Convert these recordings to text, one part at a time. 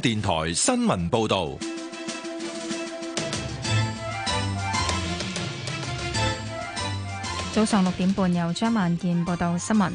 電台新聞報道，早上六點半，由張萬健報道新聞。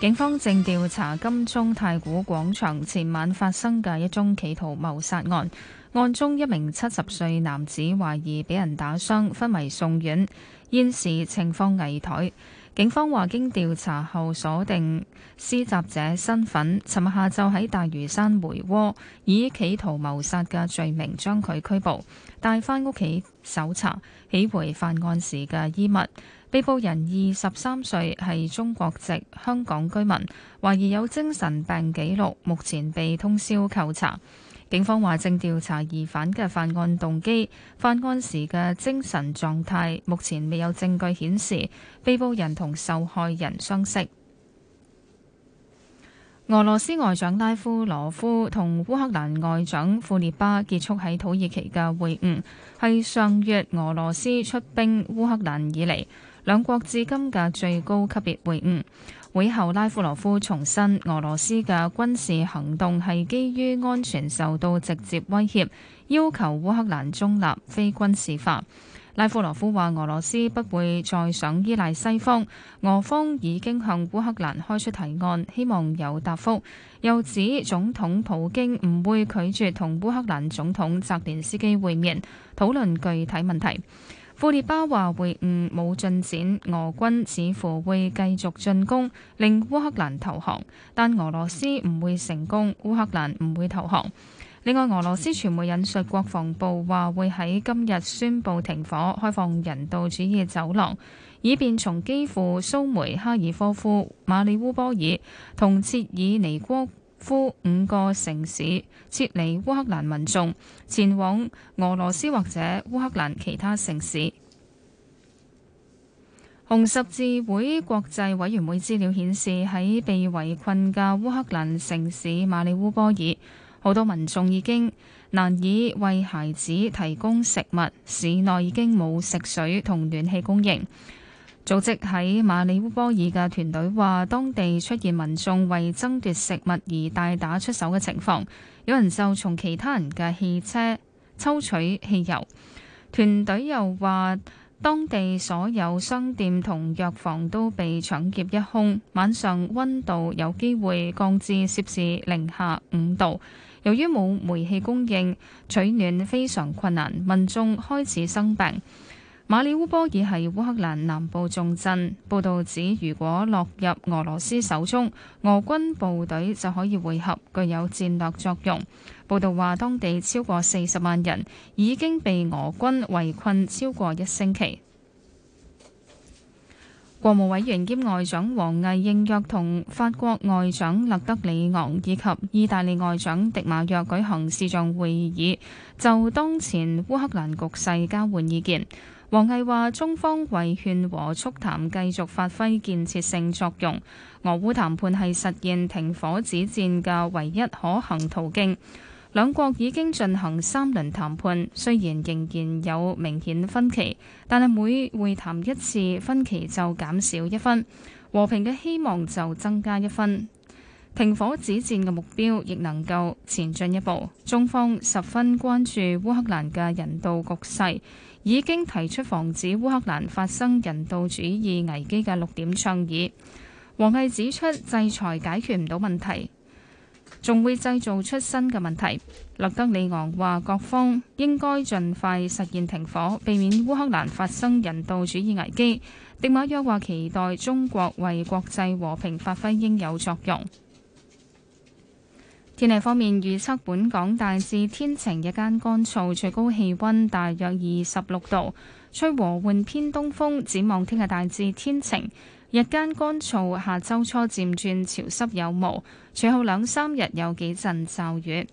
警方正調查金鐘太古廣場前晚發生嘅一宗企圖謀殺案，案中一名七十歲男子懷疑俾人打傷，昏迷送院，現時情況危殆。警方話：經調查後鎖定施襲者身份，尋日下晝喺大嶼山梅窩，以企圖謀殺嘅罪名將佢拘捕，帶翻屋企搜查，起回犯案時嘅衣物。被捕人二十三歲，係中國籍香港居民，懷疑有精神病記錄，目前被通宵扣查。警方話正調查疑犯嘅犯案動機、犯案時嘅精神狀態，目前未有證據顯示被捕人同受害人相識。俄羅斯外長拉夫羅夫同烏克蘭外長庫列巴結束喺土耳其嘅會晤，係上月俄羅斯出兵烏克蘭以嚟兩國至今嘅最高級別會晤。會後，拉夫羅夫重申，俄羅斯嘅軍事行動係基於安全受到直接威脅，要求烏克蘭中立，非軍事化。拉夫羅夫話，俄羅斯不會再想依賴西方，俄方已經向烏克蘭開出提案，希望有答覆。又指總統普京唔會拒絕同烏克蘭總統澤連斯基會面，討論具體問題。庫列巴話會晤冇進展，俄軍似乎會繼續進攻，令烏克蘭投降，但俄羅斯唔會成功，烏克蘭唔會投降。另外，俄羅斯傳媒引述國防部話會喺今日宣布停火，開放人道主義走廊，以便從基輔、蘇梅、哈爾科夫、馬里烏波爾同切爾尼戈呼五個城市撤離烏克蘭民眾，前往俄羅斯或者烏克蘭其他城市。紅十字會國際委員會資料顯示，喺被圍困嘅烏克蘭城市馬里烏波爾，好多民眾已經難以為孩子提供食物，市內已經冇食水同暖氣供應。組織喺馬里烏波爾嘅團隊話，當地出現民眾為爭奪食物而大打出手嘅情況，有人就從其他人嘅汽車抽取汽油。團隊又話，當地所有商店同藥房都被搶劫一空，晚上溫度有機會降至攝氏零下五度，由於冇煤氣供應，取暖非常困難，民眾開始生病。馬里烏波爾係烏克蘭南部重鎮。報道指，如果落入俄羅斯手中，俄軍部隊就可以匯合，具有戰略作用。報道話，當地超過四十萬人已經被俄軍圍困超過一星期。國務委員兼外長王毅應約同法國外長勒德里昂以及意大利外長迪馬約舉行視像會議，就當前烏克蘭局勢交換意見。王毅話：中方為勸和促談繼續發揮建設性作用，俄烏談判係實現停火止戰嘅唯一可行途徑。兩國已經進行三輪談判，雖然仍然有明顯分歧，但係每會談一次，分歧就減少一分，和平嘅希望就增加一分。停火止戰嘅目標亦能夠前進一步。中方十分關注烏克蘭嘅人道局勢。已經提出防止烏克蘭發生人道主義危機嘅六點倡議。王毅指出，制裁解決唔到問題，仲會製造出新嘅問題。勒德里昂話：各方應該盡快實現停火，避免烏克蘭發生人道主義危機。迪馬約話：期待中國為國際和平發揮應有作用。天氣方面預測，本港大致天晴，日間乾燥，最高氣溫大約二十六度，吹和緩偏東風。展望聽日大致天晴，日間乾燥，下周初漸轉潮濕有霧，隨後兩三日有幾陣驟雨。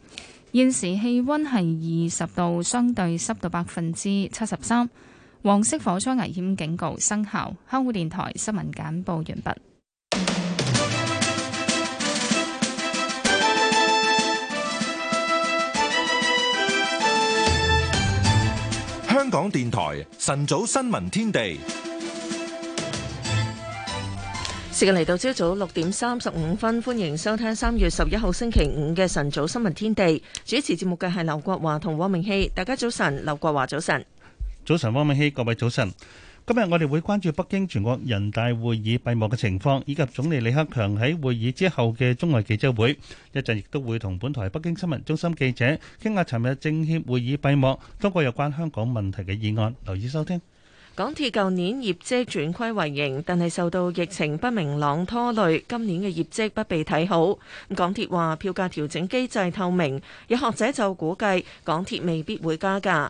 現時氣溫係二十度，相對濕度百分之七十三。黃色火災危險警告生效。香港電台新聞簡報完畢。香港電台晨早新聞天地，時間嚟到朝早六點三十五分，歡迎收聽三月十一號星期五嘅晨早新聞天地。主持節目嘅係劉國華同汪明熙。大家早晨，劉國華早晨，早晨汪明熙，各位早晨。今日我哋會關注北京全國人大會議閉幕嘅情況，以及總理李克強喺會議之後嘅中外記者會。一陣亦都會同本台北京新聞中心記者傾下尋日政協會議閉幕通過有關香港問題嘅議案。留意收聽。港鐵舊年業績轉虧為盈，但係受到疫情不明朗拖累，今年嘅業績不被睇好。咁港鐵話票價調整機制透明，有學者就估計港鐵未必會加價。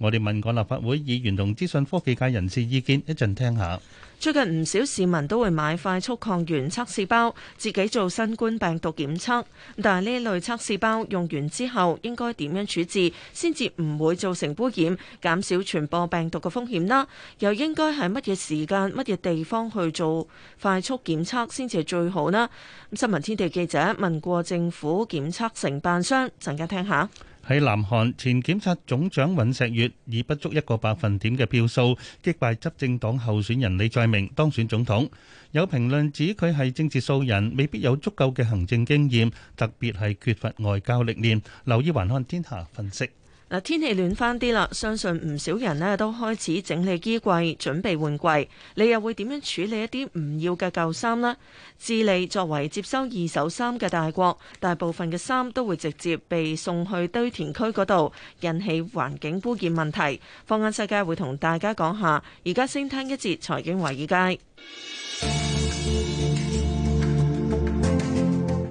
我哋問過立法會議員同資訊科技界人士意見，一陣聽下。最近唔少市民都會買快速抗原測試包，自己做新冠病毒檢測。但係呢類測試包用完之後應該點樣處置，先至唔會造成污染，減少傳播病毒嘅風險啦？又應該喺乜嘢時間、乜嘢地方去做快速檢測先至最好呢？新聞天地記者問過政府檢測承辦商，陣間聽下。喺南韓前檢察總長尹錫悅以不足一個百分點嘅票數擊敗執政黨候選人李在明當選總統，有評論指佢係政治素人，未必有足夠嘅行政經驗，特別係缺乏外交歷練。留意環看天下分析。嗱，天氣暖翻啲啦，相信唔少人呢都開始整理衣櫃，準備換季。你又會點樣處理一啲唔要嘅舊衫呢？智利作為接收二手衫嘅大國，大部分嘅衫都會直接被送去堆填區嗰度，引起環境污染問題。放眼世界，會同大家講下。而家先聽一節財經華爾街。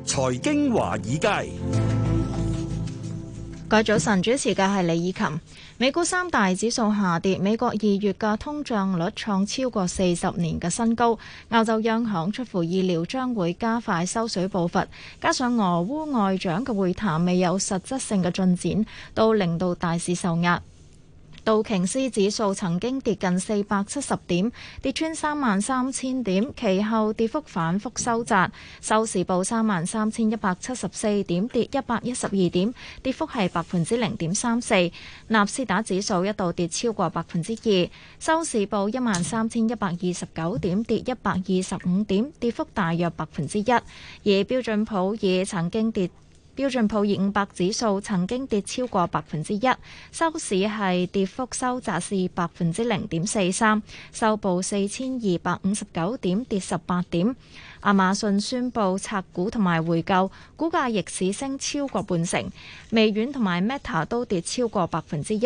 財經華爾街。各位早晨，主持嘅係李以琴。美股三大指數下跌，美國二月嘅通脹率創超過四十年嘅新高。歐洲央行出乎意料將會加快收水步伐，加上俄烏外長嘅會談未有實質性嘅進展，都令到大市受壓。道瓊斯指數曾經跌近四百七十點，跌穿三萬三千點，其後跌幅反覆收窄，收市報三萬三千一百七十四點，跌一百一十二點，跌幅係百分之零點三四。納斯達指數一度跌超過百分之二，收市報一萬三千一百二十九點，跌一百二十五點，跌幅大約百分之一。而標準普爾曾經跌。標準普爾五百指數曾經跌超過百分之一，收市係跌幅收窄至百分之零點四三，收報四千二百五十九點，跌十八點。亞馬遜宣布拆股同埋回購，股價逆市升超過半成。微軟同埋 Meta 都跌超過百分之一。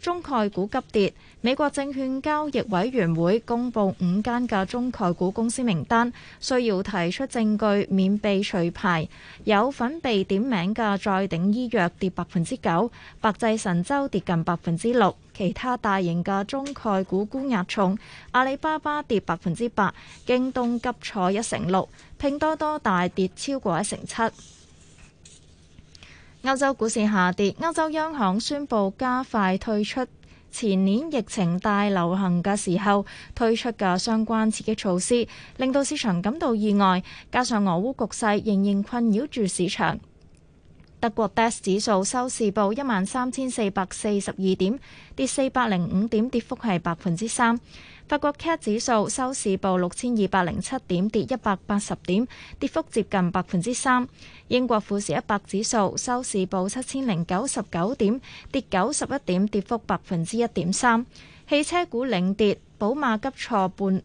中概股急跌，美國證券交易委員會公布五間嘅中概股公司名單，需要提出證據免被除牌。有份被點名嘅再鼎醫藥跌百分之九，百濟神州跌近百分之六，其他大型嘅中概股沽壓重，阿里巴巴跌百分之八，京東急挫一成六，拼多多大跌超過一成七。歐洲股市下跌，歐洲央行宣布加快退出前年疫情大流行嘅時候推出嘅相關刺激措施，令到市場感到意外。加上俄烏局勢仍然困擾住市場，德國 DAX 指數收市報一萬三千四百四十二點，跌四百零五點，跌幅係百分之三。法國 CAC 指數收市報六千二百零七點，跌一百八十點，跌幅接近百分之三。英國富時一百指數收市報七千零九十九點，跌九十一點，跌幅百分之一點三。汽車股領跌，寶馬急挫半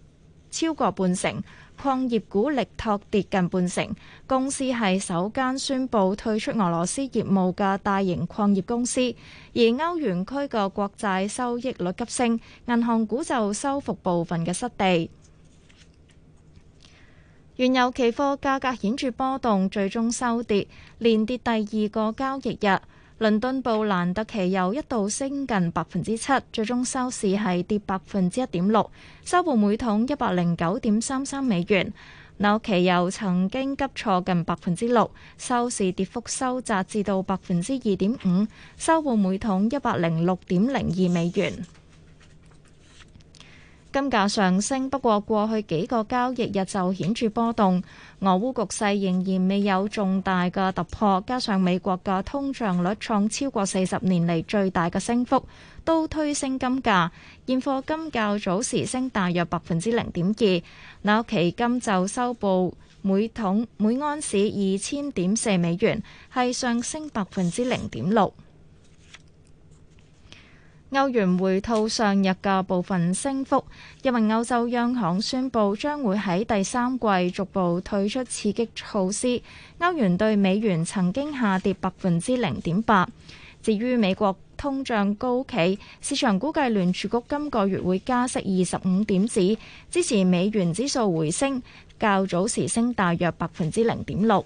超過半成。礦業股力拓跌近半成，公司係首間宣布退出俄羅斯業務嘅大型礦業公司。而歐元區嘅國債收益率急升，銀行股就收復部分嘅失地。原油期貨價格顯著波動，最終收跌，連跌第二個交易日。倫敦布蘭特期油一度升近百分之七，最終收市係跌百分之一點六，收報每桶一百零九點三三美元。紐期油曾經急挫近百分之六，收市跌幅收窄至到百分之二點五，收報每桶一百零六點零二美元。金價上升，不過過去幾個交易日就顯著波動。俄烏局勢仍然未有重大嘅突破，加上美國嘅通脹率創超過四十年嚟最大嘅升幅，都推升金價。現貨金較早時升大約百分之零點二，那期金就收報每桶每安士二千點四美元，係上升百分之零點六。歐元回吐上日嘅部分升幅。因為歐洲央行宣布將會喺第三季逐步退出刺激措施，歐元對美元曾經下跌百分之零點八。至於美國通脹高企，市場估計聯儲局今個月會加息二十五點子，支持美元指數回升。較早時升大約百分之零點六。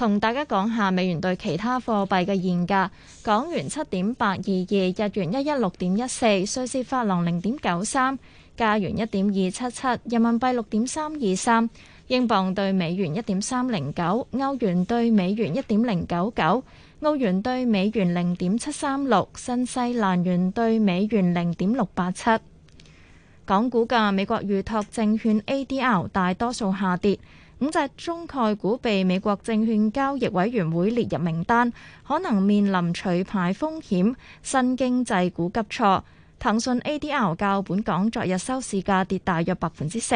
同大家講下美元對其他貨幣嘅現價：港元七點八二二，日元一一六點一四，瑞士法郎零點九三，加元一點二七七，人民幣六點三二三，英鎊對美元一點三零九，歐元對美元一點零九九，澳元對美元零點七三六，新西蘭元對美元零點六八七。港股價，美國預託證券 ADR 大多數下跌。五隻中概股被美國證券交易委員會列入名單，可能面臨除牌風險。新經濟股急挫，騰訊 ADR 較本港昨日收市價跌大約百分之四，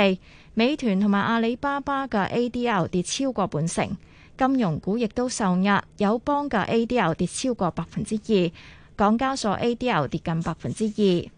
美團同埋阿里巴巴嘅 ADR 跌超過半成，金融股亦都受壓，友邦嘅 ADR 跌超過百分之二，港交所 ADR 跌近百分之二。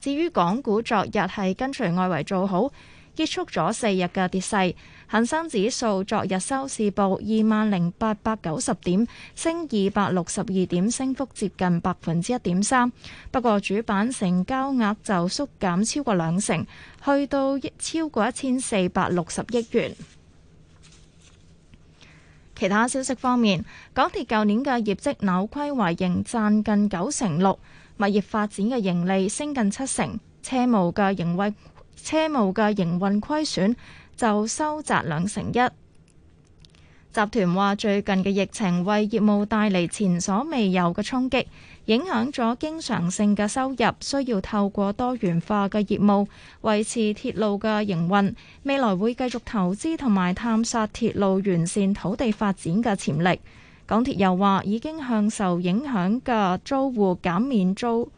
至於港股昨日係跟隨外圍做好。結束咗四日嘅跌勢，恒生指數昨日收市報二萬零八百九十點，升二百六十二點，升幅接近百分之一點三。不過主板成交額就縮減超過兩成，去到一超過一千四百六十億元。其他消息方面，港鐵舊年嘅業績扭虧為盈，賺近九成六，物業發展嘅盈利升近七成，車務嘅盈利。車務嘅營運虧損就收窄兩成一。集團話最近嘅疫情為業務帶嚟前所未有嘅衝擊，影響咗經常性嘅收入，需要透過多元化嘅業務維持鐵路嘅營運。未來會繼續投資同埋探索鐵路沿線土地發展嘅潛力。港鐵又話已經向受影響嘅租戶減免租、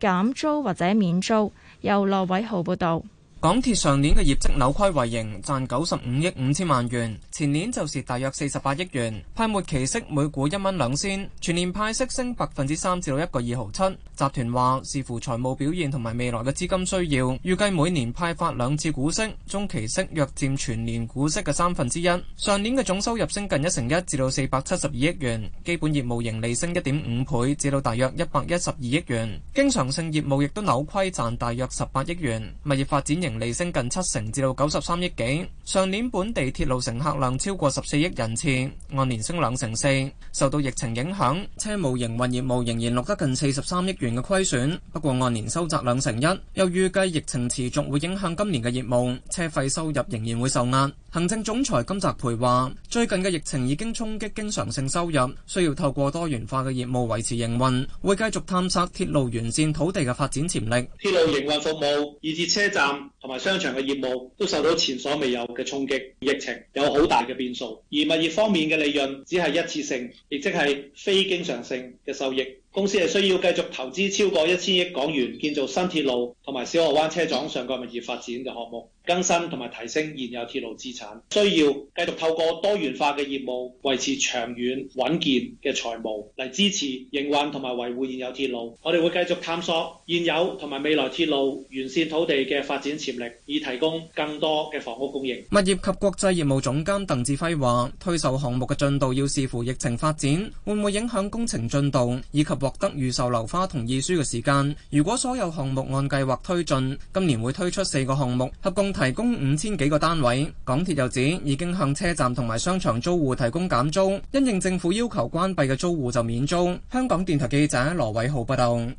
減租或者免租。由羅偉豪報道。港鐵上年嘅業績扭虧為盈，賺九十五億五千萬元，前年就蝕大約四十八億元。派末期息每股一蚊兩仙，全年派息升百分之三至到一個二毫七。集團話視乎財務表現同埋未來嘅資金需要，預計每年派發兩次股息，中期息約佔全年股息嘅三分之一。上年嘅總收入升近一成一至到四百七十二億元，基本業務盈利升一點五倍至到大約一百一十二億元，經常性業務亦都扭虧賺大約十八億元，物業發展營利升近七成，至到九十三億幾。上年本地鐵路乘客量超過十四億人次，按年升兩成四。受到疫情影響，車務營運業務仍然錄得近四十三億元嘅虧損，不過按年收窄兩成一。又預計疫情持續會影響今年嘅業務，車費收入仍然會受壓。行政總裁金澤培話：最近嘅疫情已經衝擊經常性收入，需要透過多元化嘅業務維持營運，會繼續探索鐵路沿線土地嘅發展潛力。鐵路營運服務，以至車站同埋商場嘅業務都受到前所未有嘅衝擊，疫情有好大嘅變數。而物業方面嘅利潤只係一次性，亦即係非經常性嘅收益。公司係需要繼續投資超過一千億港元，建造新鐵路同埋小河灣車廠上個物業發展嘅項目，更新同埋提升現有鐵路資產。需要繼續透過多元化嘅業務，維持長遠穩健嘅財務，嚟支持營運同埋維護現有鐵路。我哋會繼續探索現有同埋未來鐵路沿線土地嘅發展潛力，以提供更多嘅房屋供應。物業及國際業務總監鄧志輝話：推售項目嘅進度要視乎疫情發展，會唔會影響工程進度，以及。獲得預售樓花同意書嘅時間，如果所有項目按計劃推進，今年會推出四個項目，合共提供五千幾個單位。港鐵又指已經向車站同埋商場租戶提供減租，因應政府要求關閉嘅租戶就免租。香港電台記者羅偉浩報道。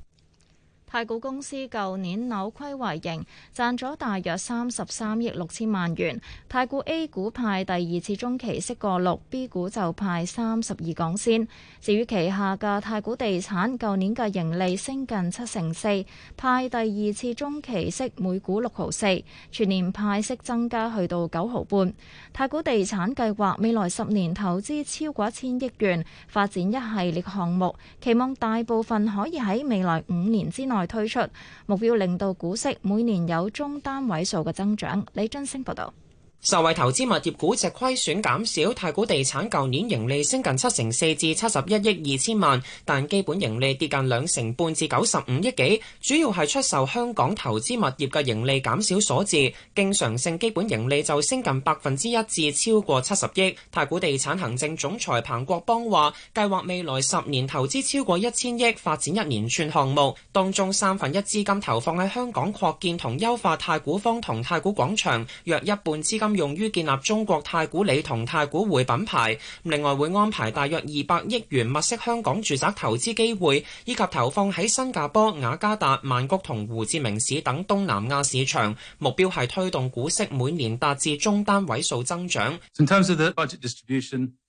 太古公司舊年扭虧為盈，賺咗大約三十三億六千萬元。太古 A 股派第二次中期息過六，B 股就派三十二港仙。至於旗下嘅太古地產，舊年嘅盈利升近七成四，派第二次中期息每股六毫四，全年派息增加去到九毫半。太古地產計劃未來十年投資超過一千億元，發展一系列項目，期望大部分可以喺未來五年之內。內推出目標令到股息每年有中單位數嘅增長。李津升報道。受惠投資物業估值虧損減少，太古地產舊年盈利升近七成四至七十一億二千萬，但基本盈利跌近兩成半至九十五億幾，主要係出售香港投資物業嘅盈利減少所致。經常性基本盈利就升近百分之一至超過七十億。太古地產行政總裁彭國邦話，計劃未來十年投資超過一千億，發展一連串項目，當中三分一資金投放喺香港擴建同優化太古坊同太古廣場，約一半資金。用於建立中國太古里同太古匯品牌，另外會安排大約二百億元物色香港住宅投資機會，以及投放喺新加坡、雅加達、曼谷同胡志明市等東南亞市場，目標係推動股息每年達至中單位數增長。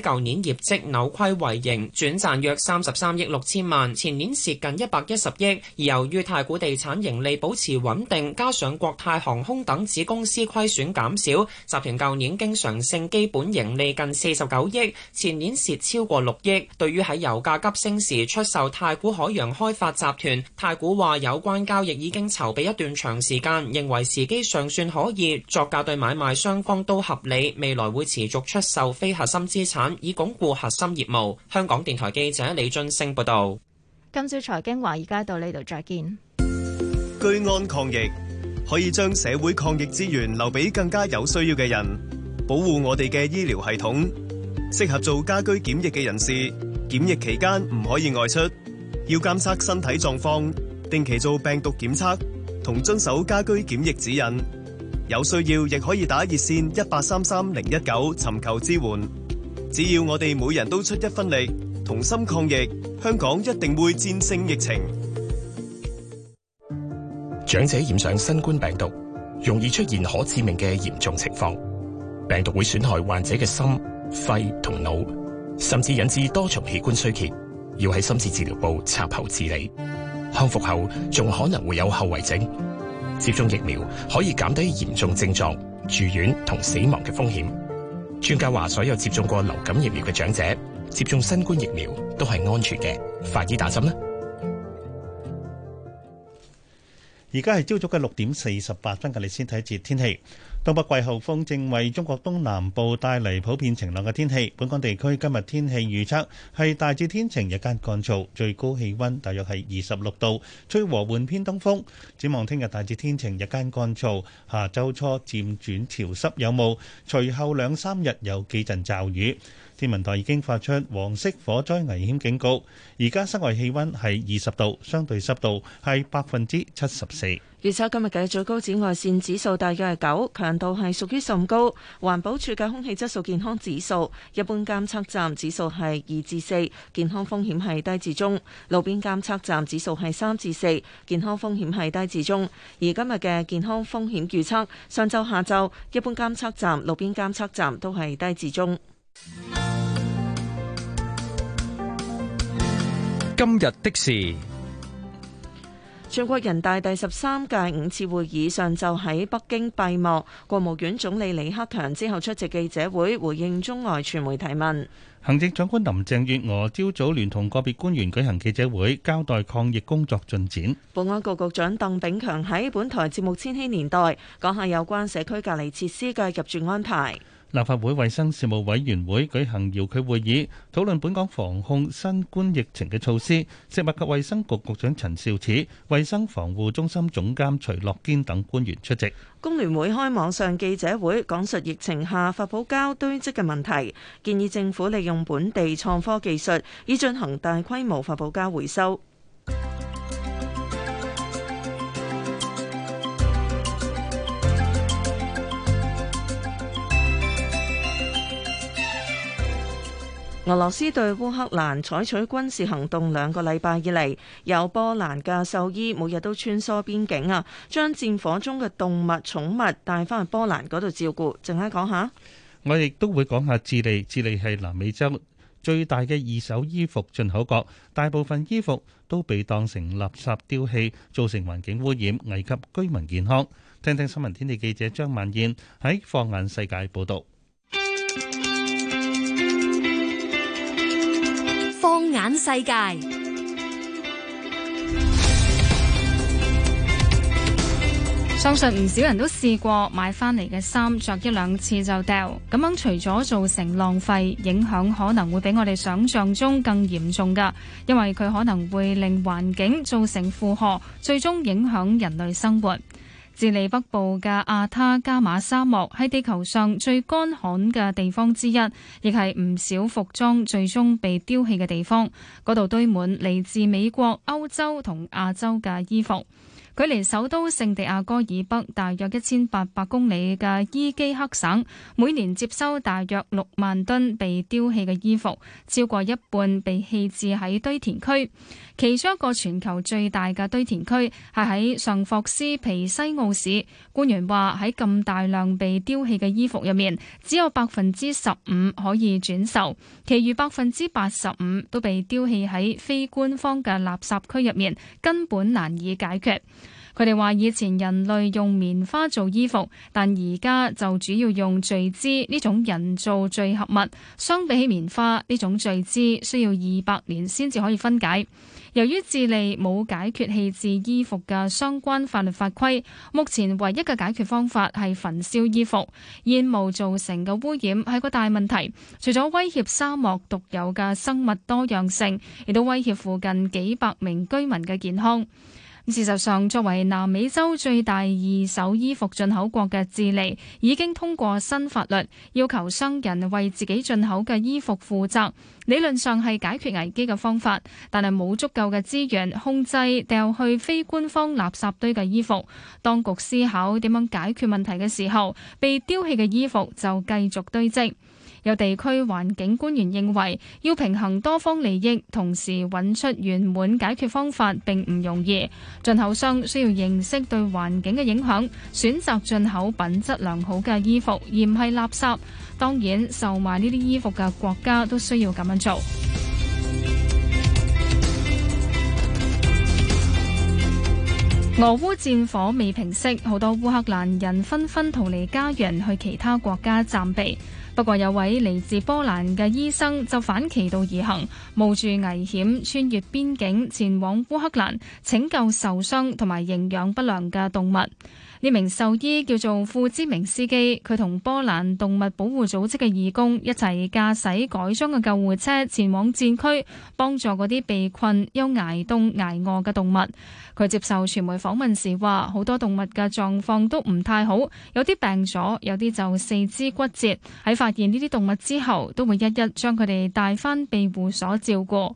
舊年業績扭虧為盈，轉賺約三十三億六千萬，前年蝕近一百一十億。而由於太古地產盈利保持穩定，加上國泰航空等子公司虧損減少，集團舊年經常性基本盈利近四十九億，前年蝕超過六億。對於喺油價急升時出售太古海洋開發集團，太古話有關交易已經籌備一段長時間，認為時機尚算可以，作價對買賣雙方都合理，未來會持續出售非核心資產。以鞏固核心業務。香港電台記者李俊升報道。今朝財經華爾街到呢度，再見。居安抗疫可以將社會抗疫資源留俾更加有需要嘅人，保護我哋嘅醫療系統。適合做家居檢疫嘅人士，檢疫期間唔可以外出，要監測身體狀況，定期做病毒檢測，同遵守家居檢疫指引。有需要亦可以打熱線一八三三零一九尋求支援。只要我哋每人都出一分力，同心抗疫，香港一定會戰勝疫情。長者染上新冠病毒，容易出現可致命嘅嚴重情況，病毒會損害患者嘅心、肺同腦，甚至引致多重器官衰竭，要喺深切治療部插喉治理。康復後仲可能會有後遺症。接種疫苗可以減低嚴重症狀、住院同死亡嘅風險。專家話，所有接種過流感疫苗嘅長者接種新冠疫苗都係安全嘅，快啲打針啦！而家係朝早嘅六點四十八分嘅，你先睇一節天氣。東北季候風正為中國東南部帶嚟普遍晴朗嘅天氣。本港地區今日天氣預測係大致天晴，日間乾燥，最高氣溫大約係二十六度，吹和緩偏東風。展望聽日大致天晴，日間乾燥，下周初漸轉潮濕有霧，隨後兩三日有幾陣驟雨。天文台已經發出黃色火災危險警告。而家室外氣溫係二十度，相對濕度係百分之七十四。預測今日嘅最高紫外線指數大約係九，強度係屬於甚高。環保署嘅空氣質素健康指數，一般監測站指數係二至四，健康風險係低至中；路邊監測站指數係三至四，健康風險係低至中。而今日嘅健康風險預測，上晝下晝，一般監測站、路邊監測站都係低至中。今日的事。全國人大第十三屆五次會議上晝喺北京閉幕，國務院總理李克強之後出席記者會回應中外傳媒提問。行政長官林鄭月娥朝早聯同個別官員舉行記者會，交代抗疫工作進展。保安局局長鄧炳強喺本台節目《千禧年代》講下有關社區隔離設施嘅入住安排。立法會衛生事務委員會舉行遙距會議，討論本港防控新冠疫情嘅措施。食物及衛生局局長陳肇始、衛生防護中心總監徐樂堅等官員出席。工聯會開網上記者會，講述疫情下發泡膠堆積嘅問題，建議政府利用本地創科技術，以進行大規模發泡膠回收。俄羅斯對烏克蘭採取軍事行動兩個禮拜以嚟，有波蘭嘅獸醫每日都穿梭邊境啊，將戰火中嘅動物、寵物帶翻去波蘭嗰度照顧。陣間講下，我亦都會講下智利。智利係南美洲最大嘅二手衣服進口國，大部分衣服都被當成垃圾丟棄，造成環境污染，危及居民健康。聽聽新聞天地記者張曼燕喺放眼世界報道。眼世界，相信唔少人都試過買翻嚟嘅衫着一兩次就掉，咁樣除咗造成浪費，影響可能會比我哋想象中更嚴重㗎，因為佢可能會令環境造成負荷，最終影響人類生活。智利北部嘅阿他加馬沙漠係地球上最乾旱嘅地方之一，亦係唔少服裝最終被丟棄嘅地方。嗰度堆滿嚟自美國、歐洲同亞洲嘅衣服。距離首都聖地亞哥以北大約一千八百公里嘅伊基克省，每年接收大約六萬噸被丟棄嘅衣服，超過一半被棄置喺堆填區。其中一個全球最大嘅堆填區係喺上霍斯皮西奧市，官員話喺咁大量被丟棄嘅衣服入面，只有百分之十五可以轉售，其餘百分之八十五都被丟棄喺非官方嘅垃圾區入面，根本難以解決。佢哋話，以前人類用棉花做衣服，但而家就主要用聚酯呢種人造聚合物。相比起棉花，呢種聚酯需要二百年先至可以分解。由於智利冇解決棄置衣服嘅相關法律法規，目前唯一嘅解決方法係焚燒衣服，煙霧造成嘅污染係個大問題，除咗威脅沙漠獨有嘅生物多樣性，亦都威脅附近幾百名居民嘅健康。事實上，作為南美洲最大二手衣服進口國嘅智利，已經通過新法律要求商人為自己進口嘅衣服負責。理論上係解決危機嘅方法，但係冇足夠嘅資源控制掉去非官方垃圾堆嘅衣服。當局思考點樣解決問題嘅時候，被丟棄嘅衣服就繼續堆積。有地區環境官員認為，要平衡多方利益，同時揾出圓滿解決方法並唔容易。進口商需要認識對環境嘅影響，選擇進口品質良好嘅衣服，而唔係垃圾。當然，售賣呢啲衣服嘅國家都需要咁樣做。 俄烏戰火未平息，好多烏克蘭人紛紛逃離家園，去其他國家暫避。不過有位嚟自波蘭嘅醫生就反其道而行，冒住危險穿越邊境前往烏克蘭，拯救受傷同埋營養不良嘅動物。呢名獸醫叫做庫茲明斯基，佢同波蘭動物保護組織嘅義工一齊駕駛改裝嘅救護車前往戰區，幫助嗰啲被困又捱凍捱餓嘅動物。佢接受傳媒訪問時話，好多動物嘅狀況都唔太好，有啲病咗，有啲就四肢骨折。喺發現呢啲動物之後，都會一一將佢哋帶返庇護所照顧。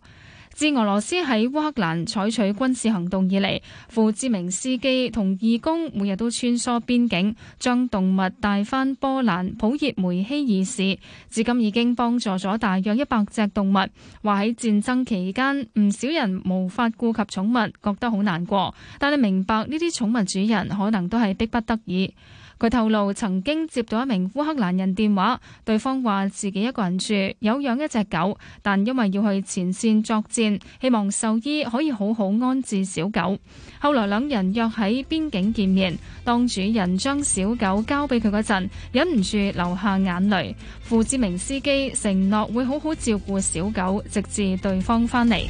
自俄羅斯喺烏克蘭採取軍事行動以嚟，傅志明司機同義工每日都穿梭邊境，將動物帶返波蘭普熱梅希爾市。至今已經幫助咗大約一百隻動物。話喺戰爭期間，唔少人無法顧及寵物，覺得好難過，但係明白呢啲寵物主人可能都係迫不得已。佢透露曾經接到一名烏克蘭人電話，對方話自己一個人住，有養一隻狗，但因為要去前線作戰，希望獸醫可以好好安置小狗。後來兩人約喺邊境見面，當主人將小狗交俾佢嗰陣，忍唔住流下眼淚。傅志明司機承諾會好好照顧小狗，直至對方返嚟。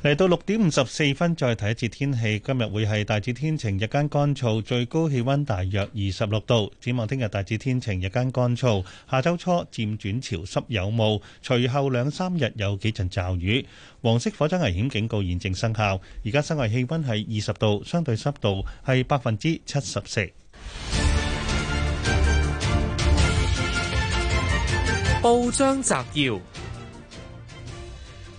嚟到六點五十四分，再睇一次天氣。今日會係大致天晴，日間乾燥，最高氣溫大約二十六度。展望聽日大致天晴，日間乾燥。下周初漸轉潮濕有霧，隨後兩三日有幾陣驟雨。黃色火災危險警告現正生效。而家室外氣溫係二十度，相對濕度係百分之七十四。報章摘要。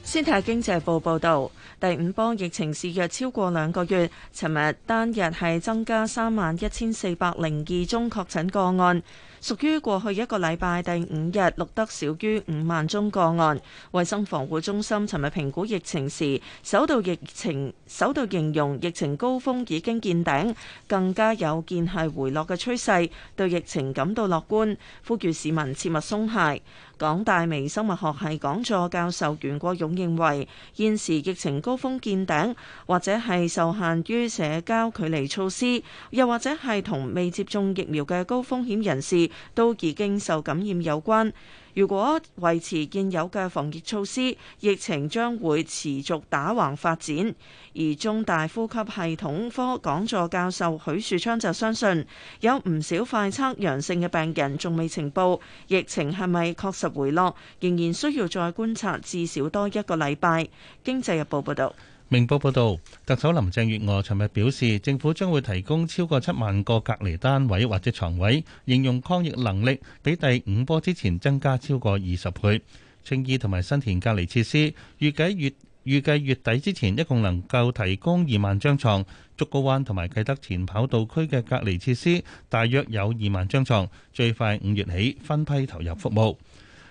先睇《經濟報》報導，第五波疫情肆虐超過兩個月。尋日單日係增加三萬一千四百零二宗確診個案，屬於過去一個禮拜第五日錄得少於五萬宗個案。衛生防護中心尋日評估疫情時，首度疫情首度形容疫情高峰已經見頂，更加有見係回落嘅趨勢，對疫情感到樂觀，呼籲市民切勿鬆懈。港大微生物學系講座教授袁國勇認為，現時疫情高峰見頂，或者係受限於社交距離措施，又或者係同未接種疫苗嘅高風險人士都已經受感染有關。如果維持現有嘅防疫措施，疫情將會持續打橫發展。而中大呼吸系統科講座教授許樹昌就相信，有唔少快測陽性嘅病人仲未呈報，疫情係咪確實回落，仍然需要再觀察至少多一個禮拜。經濟日報報道。明報報導，特首林鄭月娥尋日表示，政府將會提供超過七萬個隔離單位或者床位，形容抗疫能力比第五波之前增加超過二十倍。青衣同埋新田隔離設施，預計月預計月底之前，一共能夠提供二萬張床。竹篙灣同埋啟德前跑道區嘅隔離設施，大約有二萬張床，最快五月起分批投入服務。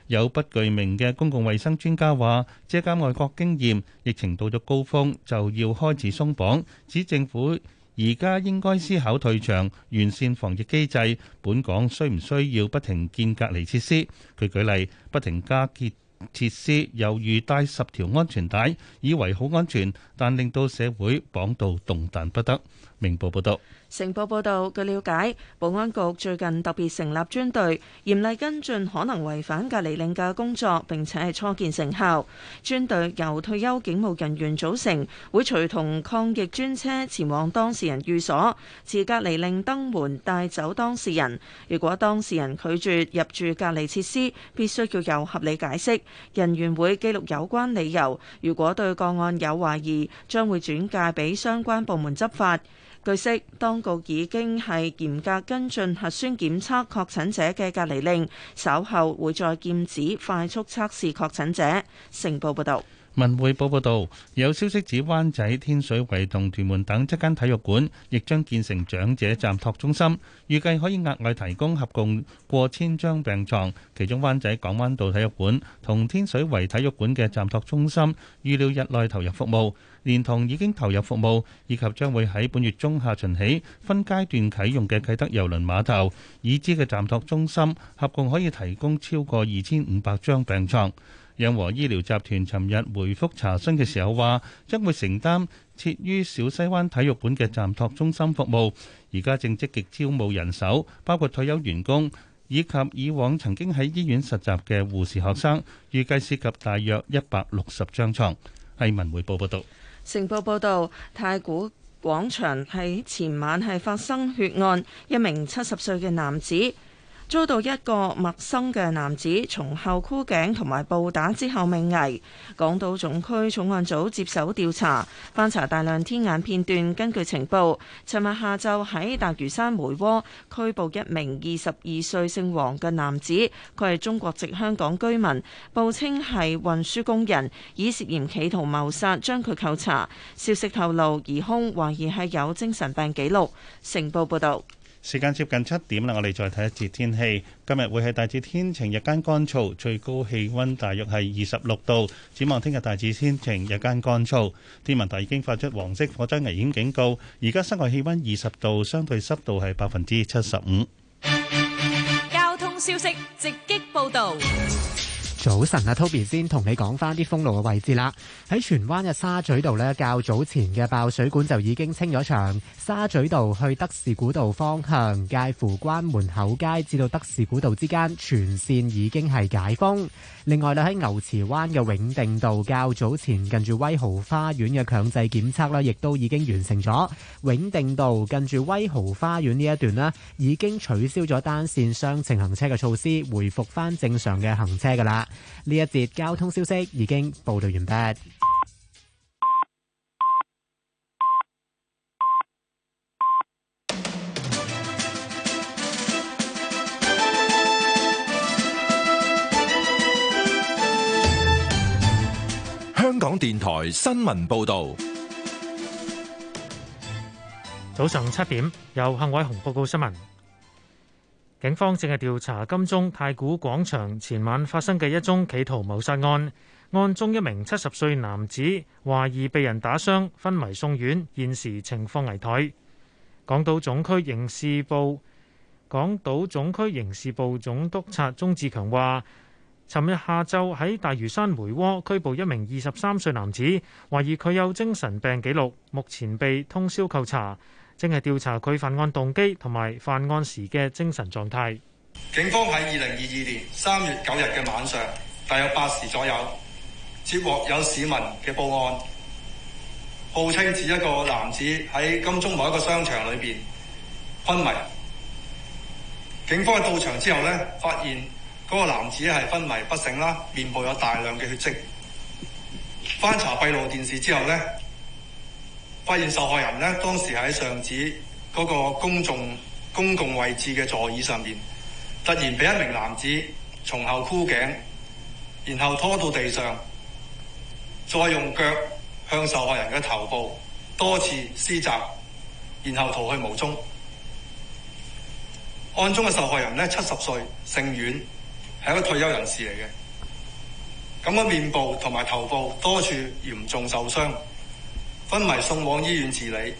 有不具名嘅公共衛生專家話，借鑑外國經驗，疫情到咗高峰就要開始鬆綁，指政府而家應該思考退場，完善防疫機制。本港需唔需要不停建隔離設施？佢舉例：不停加建設施猶如戴十條安全帶，以為好安全，但令到社會綁到動彈不得。明報報道。成報報導，據了解，保安局最近特別成立專隊，嚴厲跟進可能違反隔離令嘅工作，並且係初見成效。專隊由退休警務人員組成，會隨同抗疫專車前往當事人寓所，持隔離令登門帶走當事人。如果當事人拒絕入住隔離設施，必須要有合理解釋，人員會記錄有關理由。如果對個案有懷疑，將會轉介俾相關部門執法。據悉，當局已經係嚴格跟進核酸檢測確診者嘅隔離令，稍後會再檢視快速測試確診者。成報報道，文匯報報導，有消息指灣仔、天水圍同屯門等七間體育館亦將建成長者暫托中心，預計可以額外提供合共過千張病床。其中灣仔港灣道體育館同天水圍體育館嘅暫托中心預料日內投入服務。連同已經投入服務，以及將會喺本月中下旬起分階段啟用嘅啟德郵輪碼頭，已知嘅站托中心合共可以提供超過二千五百張病床。養和醫療集團尋日回覆查詢嘅時候話，將會承擔設於小西灣體育館嘅站托中心服務，而家正積極招募人手，包括退休員工以及以往曾經喺醫院實習嘅護士學生，預計涉及大約一百六十張床。係文匯報報道。成報報道，太古廣場係前晚係發生血案，一名七十歲嘅男子遭到一個陌生嘅男子從後箍頸同埋暴打之後命危，港島總區重案組接手調查，翻查大量天眼片段。根據情報，尋日下晝喺大嶼山梅窩拘捕一名二十二歲姓黃嘅男子，佢係中國籍香港居民，報稱係運輸工人，以涉嫌企圖謀殺將佢扣查。消息透露疑兇懷疑係有精神病記錄，成報報道。時間接近七點啦，我哋再睇一次天氣。今日會係大致天晴，日間乾燥，最高氣溫大約係二十六度。展望聽日大致天晴，日間乾燥。天文台已經發出黃色火災危險警告。而家室外氣溫二十度，相對濕度係百分之七十五。交通消息直擊報道。早晨啊，Toby 先同你講翻啲封路嘅位置啦。喺荃灣嘅沙咀道呢，較早前嘅爆水管就已經清咗場。沙咀道去德士古道方向，介乎關門口街至到德士古道之間，全線已經係解封。另外咧，喺牛池灣嘅永定道較早前近住威豪花園嘅強制檢測咧，亦都已經完成咗。永定道近住威豪花園呢一段咧，已經取消咗單線雙程行車嘅措施，回復返正常嘅行車噶啦。呢一節交通消息已經報導完畢。香港電台新聞報道，早上七點，由幸偉雄報告新聞。警方正係調查金鐘太古廣場前晚發生嘅一宗企圖謀殺案，案中一名七十歲男子懷疑被人打傷，昏迷送院，現時情況危殆。港島總區刑事部，港島總區刑事部總督察鍾志強話。尋日下晝喺大嶼山梅窩拘捕一名二十三歲男子，懷疑佢有精神病記錄，目前被通宵扣查，正係調查佢犯案動機同埋犯案時嘅精神狀態。警方喺二零二二年三月九日嘅晚上大約八時左右，接獲有市民嘅報案，報稱指一個男子喺金鐘某一個商場裏邊昏迷。警方到場之後呢，發現，嗰個男子係昏迷不醒啦，面部有大量嘅血跡。翻查閉路電視之後呢，發現受害人呢當時喺上址嗰個公眾公共位置嘅座椅上面，突然俾一名男子從後箍頸，然後拖到地上，再用腳向受害人嘅頭部多次施襲，然後逃去無蹤。案中嘅受害人呢，七十歲，姓阮。係一個退休人士嚟嘅，咁個面部同埋頭部多處嚴重受傷，昏迷送往醫院治理，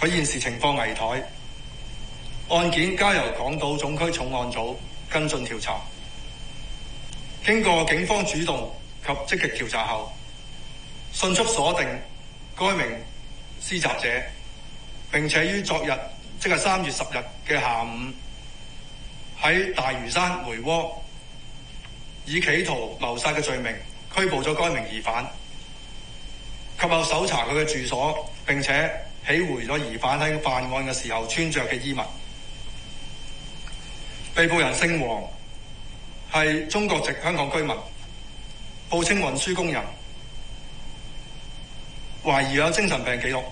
佢現時情況危殆。案件交由港島總區重案組跟進調查。經過警方主動及積極調查後，迅速鎖定該名施襲者，並且於昨日，即係三月十日嘅下午，喺大嶼山梅窩，以企圖謀殺嘅罪名拘捕咗該名疑犯，及後搜查佢嘅住所，並且起回咗疑犯喺犯案嘅時候穿着嘅衣物。被捕人姓黃，係中國籍香港居民，報稱運輸工人，懷疑有精神病記錄。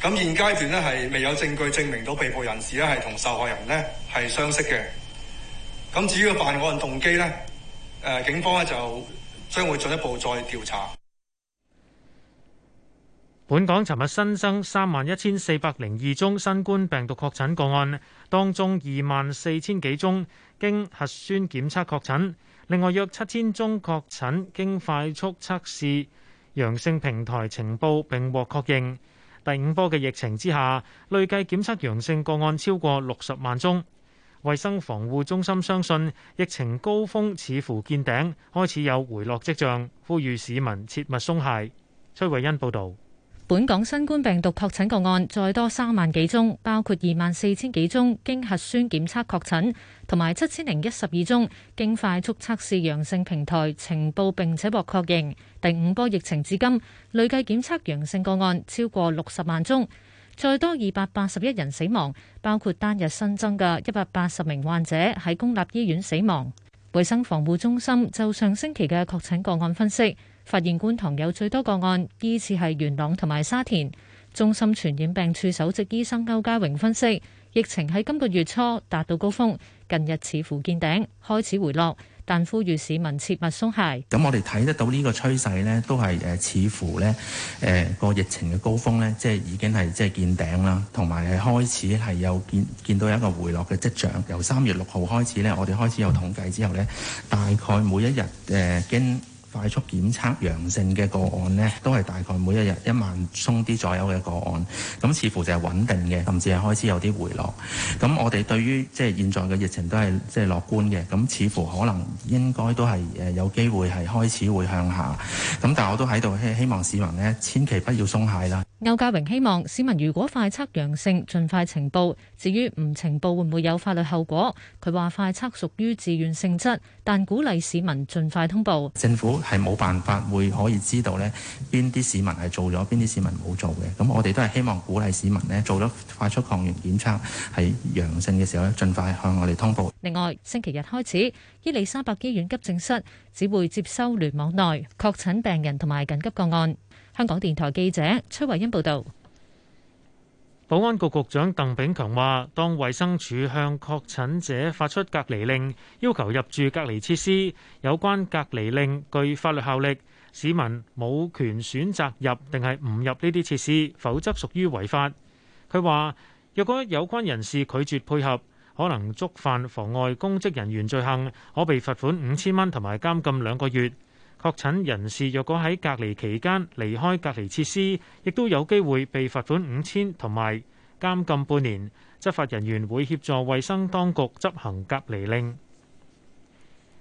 咁現階段呢，係未有證據證明到被捕人士呢，係同受害人呢，係相識嘅。咁至於個犯案動機呢，誒警方咧就將會進一步再調查。本港尋日新增三萬一千四百零二宗新冠病毒確診個案，當中二萬四千幾宗經核酸檢測確診，另外約七千宗確診經快速測試陽性平台呈報並獲確認。第五波嘅疫情之下，累計檢測陽性個案超過六十萬宗。衛生防護中心相信疫情高峰似乎見頂，開始有回落跡象，呼籲市民切勿鬆懈。崔慧欣報道。本港新冠病毒確診個案再多三萬幾宗，包括二萬四千幾宗經核酸檢測確診，同埋七千零一十二宗經快速測試陽性平台呈報並且獲確認。第五波疫情至今累計檢測陽性個案超過六十萬宗，再多二百八十一人死亡，包括單日新增嘅一百八十名患者喺公立醫院死亡。衛生防護中心就上星期嘅確診個案分析，發現觀塘有最多個案，依次係元朗同埋沙田。中心傳染病處首席醫生歐家榮分析，疫情喺今個月初達到高峰，近日似乎見頂，開始回落，但呼籲市民切勿鬆懈。咁我哋睇得到呢個趨勢呢，都係誒似乎呢誒個、呃、疫情嘅高峰呢，即係已經係即係見頂啦，同埋係開始係有見見到一個回落嘅跡象。由三月六號開始呢，我哋開始有統計之後呢，大概每一日誒經。呃快速檢測陽性嘅個案呢，都係大概每一日一萬鬆啲左右嘅個案，咁似乎就係穩定嘅，甚至係開始有啲回落。咁我哋對於即係現在嘅疫情都係即係樂觀嘅，咁似乎可能應該都係誒有機會係開始會向下。咁但係我都喺度希希望市民呢千祈不要鬆懈啦。歐家榮希望市民如果快測陽性，盡快呈報，至於唔呈報會唔會有法律後果，佢話快測屬於自願性質，但鼓勵市民盡快通報政府。係冇辦法會可以知道呢邊啲市民係做咗，邊啲市民冇做嘅。咁我哋都係希望鼓勵市民呢做咗快速抗原檢測係陽性嘅時候呢盡快向我哋通報。另外，星期日開始，伊利沙伯醫院急症室只會接收聯網內確診病人同埋緊急個案。香港電台記者崔慧欣報道。保安局局長鄧炳強話，當衛生署向確診者發出隔離令，要求入住隔離設施，有關隔離令具法律效力，市民冇權選擇入定係唔入呢啲設施，否則屬於違法。佢話，若果有關人士拒絕配合，可能觸犯妨礙公職人員罪行，可被罰款五千蚊同埋監禁兩個月。確診人士若果喺隔離期間離開隔離設施，亦都有機會被罰款五千同埋監禁半年。執法人員會協助衛生當局執行隔離令。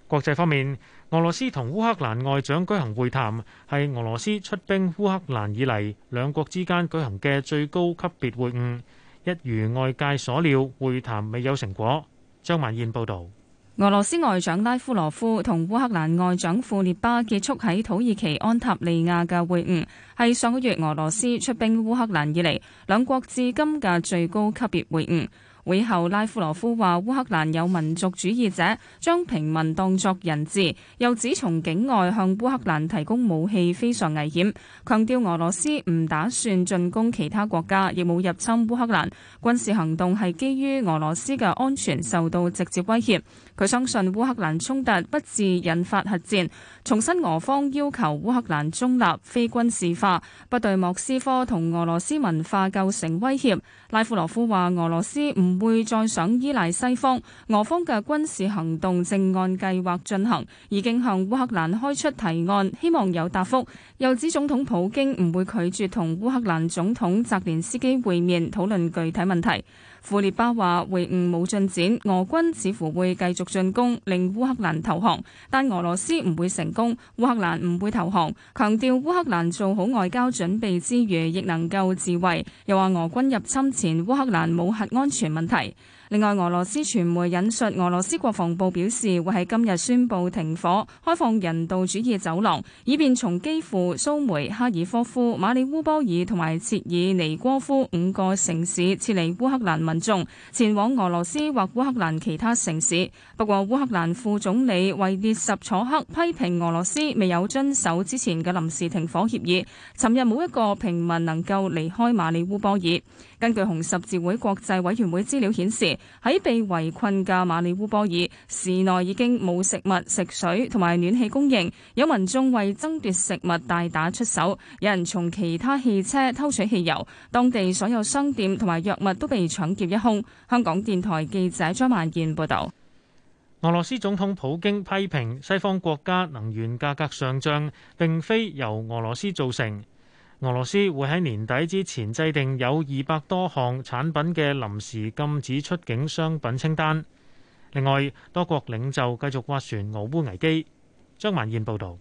國際方面，俄羅斯同烏克蘭外長舉行會談，係俄羅斯出兵烏克蘭以嚟兩國之間舉行嘅最高級別會晤。一如外界所料，會談未有成果。張萬燕報導。俄羅斯外長拉夫羅夫同烏克蘭外長庫列巴結束喺土耳其安塔利亞嘅會晤，係上個月俄羅斯出兵烏克蘭以嚟兩國至今嘅最高級別會晤。會後，拉夫羅夫話烏克蘭有民族主義者將平民當作人質，又指從境外向烏克蘭提供武器非常危險，強調俄羅斯唔打算進攻其他國家，亦冇入侵烏克蘭，軍事行動係基於俄羅斯嘅安全受到直接威脅。佢相信烏克蘭衝突不致引發核戰。重申俄方要求烏克蘭中立、非軍事化，不對莫斯科同俄羅斯文化構成威脅，拉夫羅夫話俄羅斯唔會再想依賴西方，俄方嘅軍事行動正按計劃進行，已經向烏克蘭開出提案，希望有答覆又指總統普京唔會拒絕同烏克蘭總統澤連斯基會面，討論具體問題。庫列巴話會晤冇進展，俄軍似乎會繼續進攻，令烏克蘭投降，但俄羅斯唔會成功，烏克蘭唔會投降。強調烏克蘭做好外交準備之餘，亦能夠自衛。又話俄軍入侵前，烏克蘭冇核安全問題。另外，俄羅斯傳媒引述俄羅斯國防部表示，會喺今日宣布停火、開放人道主義走廊，以便從基乎蘇梅、哈爾科夫、馬里烏波爾同埋切爾尼戈夫五個城市撤離烏克蘭民眾，前往俄羅斯或烏克蘭其他城市。不過，烏克蘭副總理維列什楚克批評俄羅斯未有遵守之前嘅臨時停火協議，尋日冇一個平民能夠離開馬里烏波爾。根據紅十字會國際委員會資料顯示，喺被圍困嘅馬里烏波爾市內已經冇食物、食水同埋暖氣供應，有民眾為爭奪食物大打出手，有人從其他汽車偷取汽油，當地所有商店同埋藥物都被搶劫一空。香港電台記者張萬健報導。俄羅斯總統普京批評西方國家能源價格上漲並非由俄羅斯造成。俄羅斯會喺年底之前制定有二百多項產品嘅臨時禁止出境商品清單。另外，多國領袖繼續斡旋俄烏危機。張萬燕報導。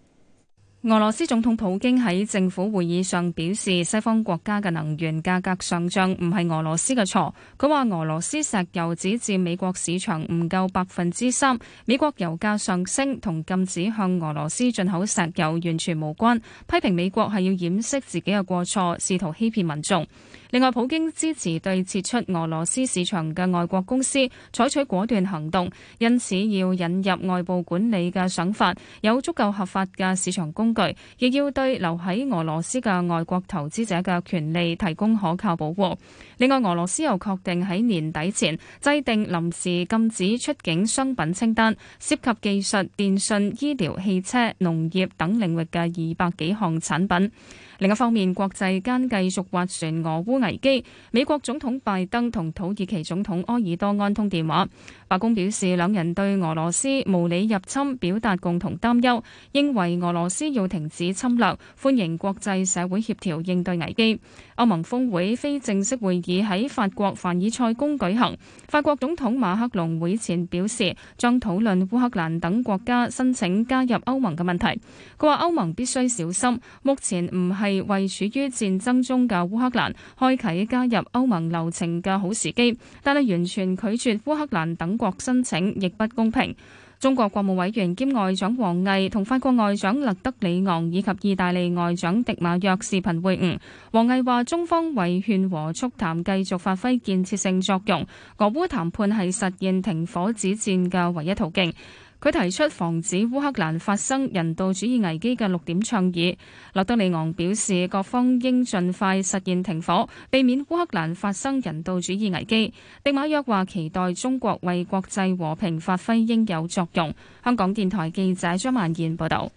俄羅斯總統普京喺政府會議上表示，西方國家嘅能源價格上漲唔係俄羅斯嘅錯。佢話俄羅斯石油只佔美國市場唔夠百分之三，美國油價上升同禁止向俄羅斯進口石油完全無關。批評美國係要掩飾自己嘅過錯，試圖欺騙民眾。另外，普京支持對撤出俄羅斯市場嘅外國公司採取果斷行動，因此要引入外部管理嘅想法，有足夠合法嘅市場工具，亦要對留喺俄羅斯嘅外國投資者嘅權利提供可靠保護。另外，俄羅斯又確定喺年底前制定臨時禁止出境商品清單，涉及技術、電訊、醫療、汽車、農業等領域嘅二百幾項產品。另一方面，國際間繼續斡旋俄烏危機。美國總統拜登同土耳其總統埃爾多安通電話，白宮表示兩人對俄羅斯無理入侵表達共同擔憂，認為俄羅斯要停止侵略，歡迎國際社會協調應對危機。歐盟峰會非正式會議喺法國凡爾賽宮舉行。法國總統馬克龍會前表示，將討論烏克蘭等國家申請加入歐盟嘅問題。佢話歐盟必須小心，目前唔係為處於戰爭中嘅烏克蘭開啟加入歐盟流程嘅好時機，但係完全拒絕烏克蘭等國申請亦不公平。中國國務委員兼外長王毅同法國外長勒德里昂以及意大利外長迪馬約視頻會晤。王毅話：中方為勸和促談繼續發揮建設性作用，俄烏談判係實現停火止戰嘅唯一途徑。佢提出防止烏克蘭發生人道主義危機嘅六點倡議。洛德里昂表示，各方應盡快實現停火，避免烏克蘭發生人道主義危機。迪馬約話：期待中國為國際和平發揮應有作用。香港電台記者張萬燕報道。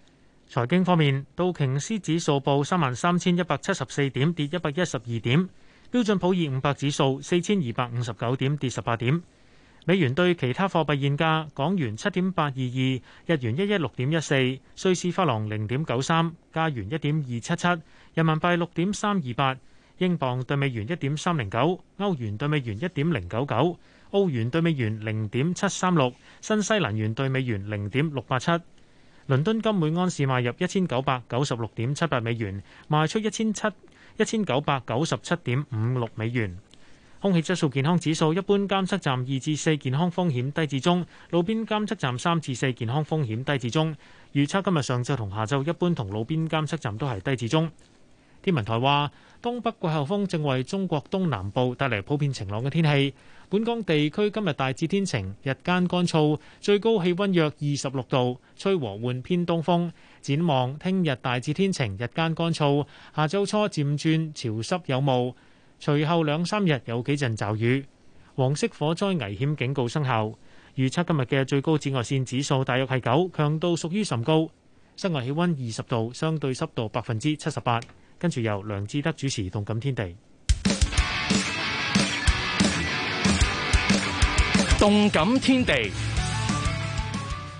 財經方面，道瓊斯指數報三萬三千一百七十四點，跌一百一十二點。標準普爾五百指數四千二百五十九點，跌十八點。美元兌其他貨幣現價：港元七點八二二，日元一一六點一四，瑞士法郎零點九三，加元一點二七七，人民幣六點三二八，英鎊對美元一點三零九，歐元對美元一點零九九，澳元對美元零點七三六，新西蘭元對美元零點六八七。倫敦金每安士賣入一千九百九十六點七八美元，賣出一千七一千九百九十七點五六美元。空氣質素健康指數一般監測站二至四健康風險低至中，路邊監測站三至四健康風險低至中。預測今日上晝同下晝一般同路邊監測站都係低至中。天文台話，東北季候風正為中國東南部帶嚟普遍晴朗嘅天氣。本港地區今日大致天晴，日間乾燥，最高氣温約二十六度，吹和緩偏東風。展望聽日大致天晴，日間乾燥，下週初漸轉潮濕有霧。隨後兩三日有幾陣驟雨，黃色火災危險警告生效。預測今日嘅最高紫外線指數大約係九，強度屬於甚高。室外氣温二十度，相對濕度百分之七十八。跟住由梁志德主持《動感天地》。《動感天地》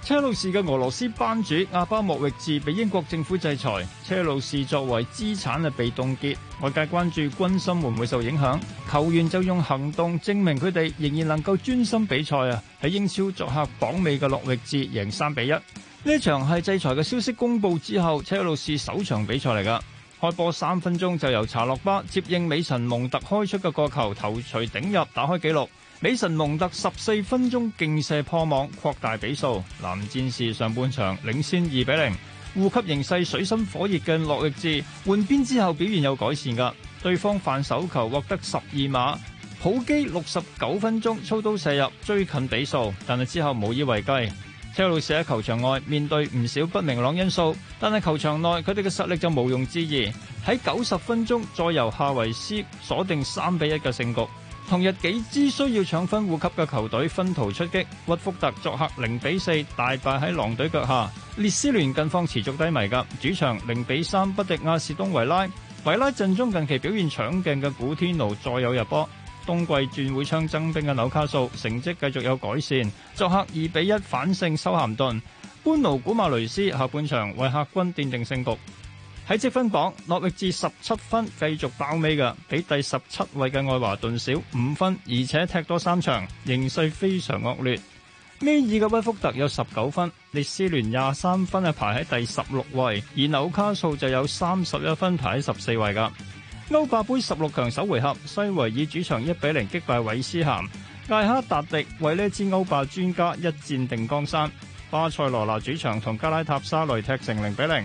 車路士嘅俄羅斯班主阿巴莫域治被英國政府制裁，車路士作為資產啊被凍結，外界關注軍心會唔會受影響。球員就用行動證明佢哋仍然能夠專心比賽啊！喺英超作客榜尾嘅諾域治，贏三比一。呢場係制裁嘅消息公布之後，車路士首場比賽嚟噶，開波三分鐘就由查洛巴接應美臣蒙特開出嘅個球頭錘頂入，打開紀錄。美神蒙特十四分鐘勁射破網，擴大比數。藍戰士上半場領先二比零。護級形勢水深火熱嘅諾域治換邊之後表現有改善㗎。對方犯手球獲得十二碼。普基六十九分鐘操刀射入追近比數，但係之後無以為繼。車路士喺球場外面對唔少不明朗因素，但係球場內佢哋嘅實力就無庸置疑。喺九十分鐘再由夏維斯鎖定三比一嘅勝局。同日幾支需要搶分護級嘅球隊分途出擊，屈福特作客零比四，大敗喺狼隊腳下，列斯聯近況持續低迷㗎，主場零比三不敵亞士東維拉，維拉陣中近期表現搶鏡嘅古天奴再有入波，冬季轉會窗增兵嘅紐卡素成績繼續有改善，作客二比一反勝修咸頓，般奴古馬雷斯下半場為客軍奠定勝局。喺積分榜落力至十七分，繼續包尾嘅，比第十七位嘅愛華頓少五分，而且踢多三場，形勢非常惡劣。呢爾嘅屈福特有十九分，列斯聯廿三分係排喺第十六位，而紐卡素就有三十一分排喺十四位嘅。歐霸盃十六強首回合，西維爾主場一比零擊敗韋斯咸，艾克達迪為呢支歐霸專家一戰定江山。巴塞羅那主場同加拉塔沙雷踢成零比零。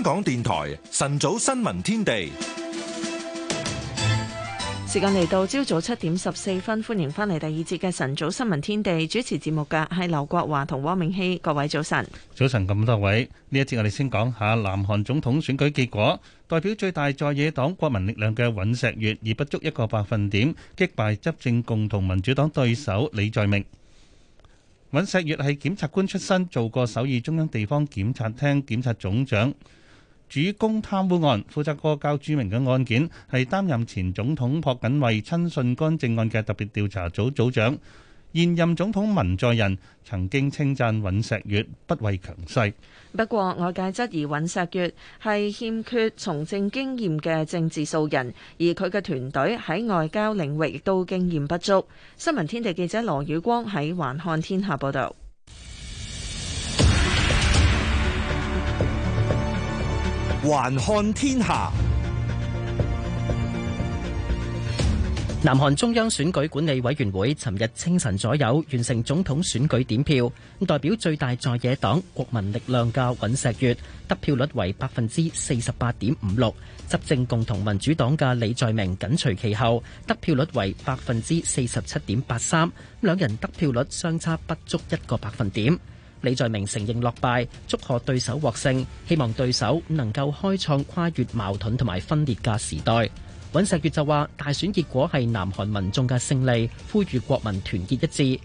香港電台晨早新聞天地，時間嚟到朝早七點十四分，歡迎翻嚟第二節嘅晨早新聞天地主持節目嘅係劉國華同汪明熙。各位早晨，早晨咁多位。呢一節我哋先講下南韓總統選舉結果，代表最大在野黨國民力量嘅尹錫悅以不足一個百分點擊敗執政共同民主黨對手李在明。尹錫悅係檢察官出身，做過首爾中央地方檢察廳檢察總長。主攻貪污案，負責過較著名嘅案件，係擔任前總統朴槿惠親信干政案嘅特別調查組組長。現任總統文在寅曾經稱讚尹石月不畏強勢，不過外界質疑尹石月係欠缺從政經驗嘅政治素人，而佢嘅團隊喺外交領域亦都經驗不足。新聞天地記者羅宇光喺環看天下報道。還看天下。南韓中央選舉管理委員會尋日清晨左右完成總統選舉點票，咁代表最大在野黨國民力量嘅尹錫悅得票率為百分之四十八點五六，執政共同民主黨嘅李在明緊隨其後，得票率為百分之四十七點八三，咁兩人得票率相差不足一個百分點。李在明承認落敗，祝賀對手獲勝，希望對手能夠開創跨越矛盾同埋分裂嘅時代。尹錫悦就話，大選結果係南韓民眾嘅勝利，呼籲國民團結一致。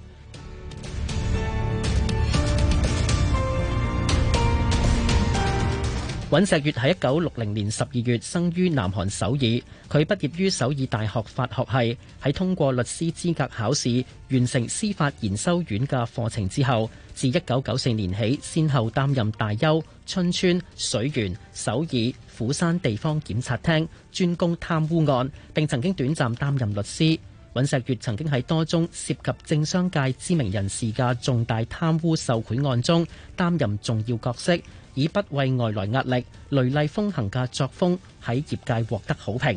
尹錫悦喺一九六零年十二月生於南韓首爾，佢畢業於首爾大學法學係，喺通過律師資格考試、完成司法研修院嘅課程之後，自一九九四年起先後擔任大邱、春川、水原、首爾、釜山地方檢察廳專攻貪污案，並曾經短暫擔任律師。尹錫悦曾經喺多宗涉及政商界知名人士嘅重大貪污受賄案中擔任重要角色。以不畏外來壓力、雷厲風行嘅作風喺業界獲得好評。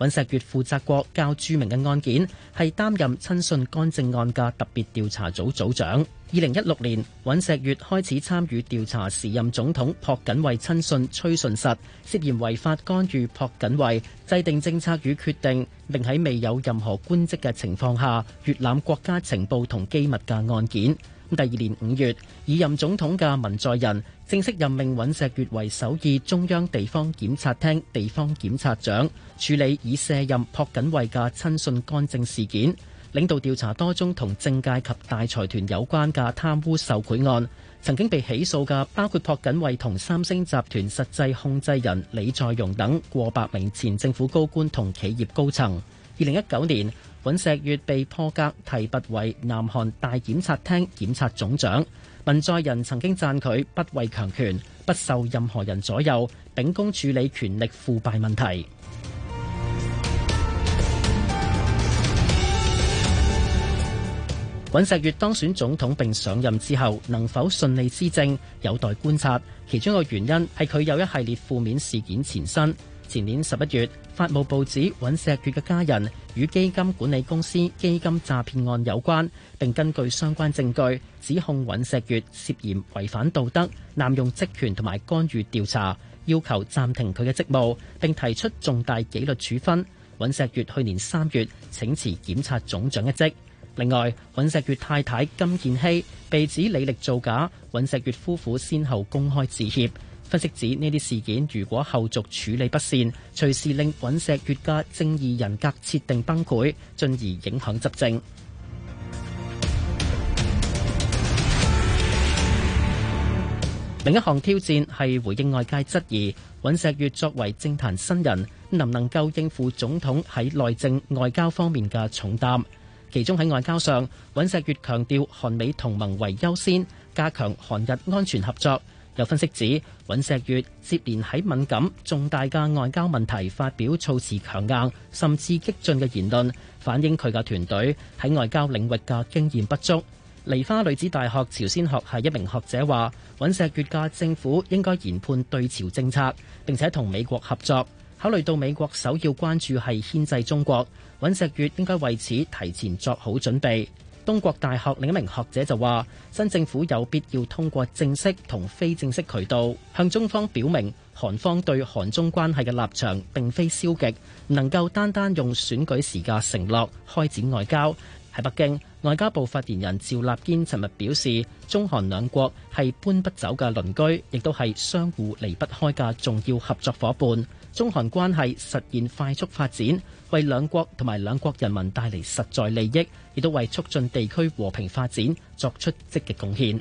尹錫悅負責過較著名嘅案件，係擔任親信干政案嘅特別調查組組長。二零一六年，尹錫悅開始參與調查時任總統朴槿惠親信崔順實涉嫌違法干預朴槿惠制定政策與決定，並喺未有任何官職嘅情況下閱覽國家情報同機密嘅案件。第二年五月，已任總統嘅文在寅正式任命尹錫悦為首爾中央地方檢察廳地方檢察長處理已卸任朴槿惠嘅親信干政事件，領導調查多宗同政界及大財團有關嘅貪污受賄案。曾經被起訴嘅包括朴槿惠同三星集團實際控制人李在容等過百名前政府高官同企業高層，二零一九年。尹石月被破格提拔為南韓大檢察廳檢察總長，文在寅曾經讚佢不畏強權，不受任何人左右，秉公處理權力腐敗問題。尹石月當選總統並上任之後，能否順利施政有待觀察。其中一個原因係佢有一系列負面事件前身。前年十一月。法務部指尹錫悅嘅家人與基金管理公司基金詐騙案有關，並根據相關證據指控尹錫悅涉嫌違反道德、濫用職權同埋干預調查，要求暫停佢嘅職務，並提出重大紀律處分。尹錫悅去年三月請辭檢察總長一職。另外，尹錫悅太太金建希被指履歷造假，尹錫悅夫婦先後公開致歉。分析指呢啲事件如果後續處理不善，隨時令尹錫悅嘅正義人格設定崩潰，進而影響執政。另 一項挑戰係回應外界質疑，尹錫悅作為政壇新人，能唔能夠應付總統喺內政、外交方面嘅重擔，其中喺外交上，尹錫悅強調韓美同盟為優先，加強韓日安全合作。有分析指，尹錫悅接連喺敏感重大嘅外交問題發表措辭強硬甚至激進嘅言論，反映佢嘅團隊喺外交領域嘅經驗不足。梨花女子大學朝鮮學系一名學者話，尹錫悅嘅政府應該研判對朝政策，並且同美國合作。考慮到美國首要關注係牽制中國，尹錫悅應該為此提前作好準備。東國大學另一名學者就話：新政府有必要通過正式同非正式渠道向中方表明，韓方對韓中關係嘅立場並非消極，能夠單單用選舉時嘅承諾開展外交。喺北京，外交部發言人趙立堅尋日表示：中韓兩國係搬不走嘅鄰居，亦都係相互離不開嘅重要合作伙伴。中韓關係實現快速發展。為兩國同埋兩國人民帶嚟實在利益，亦都為促進地區和平發展作出積極貢獻。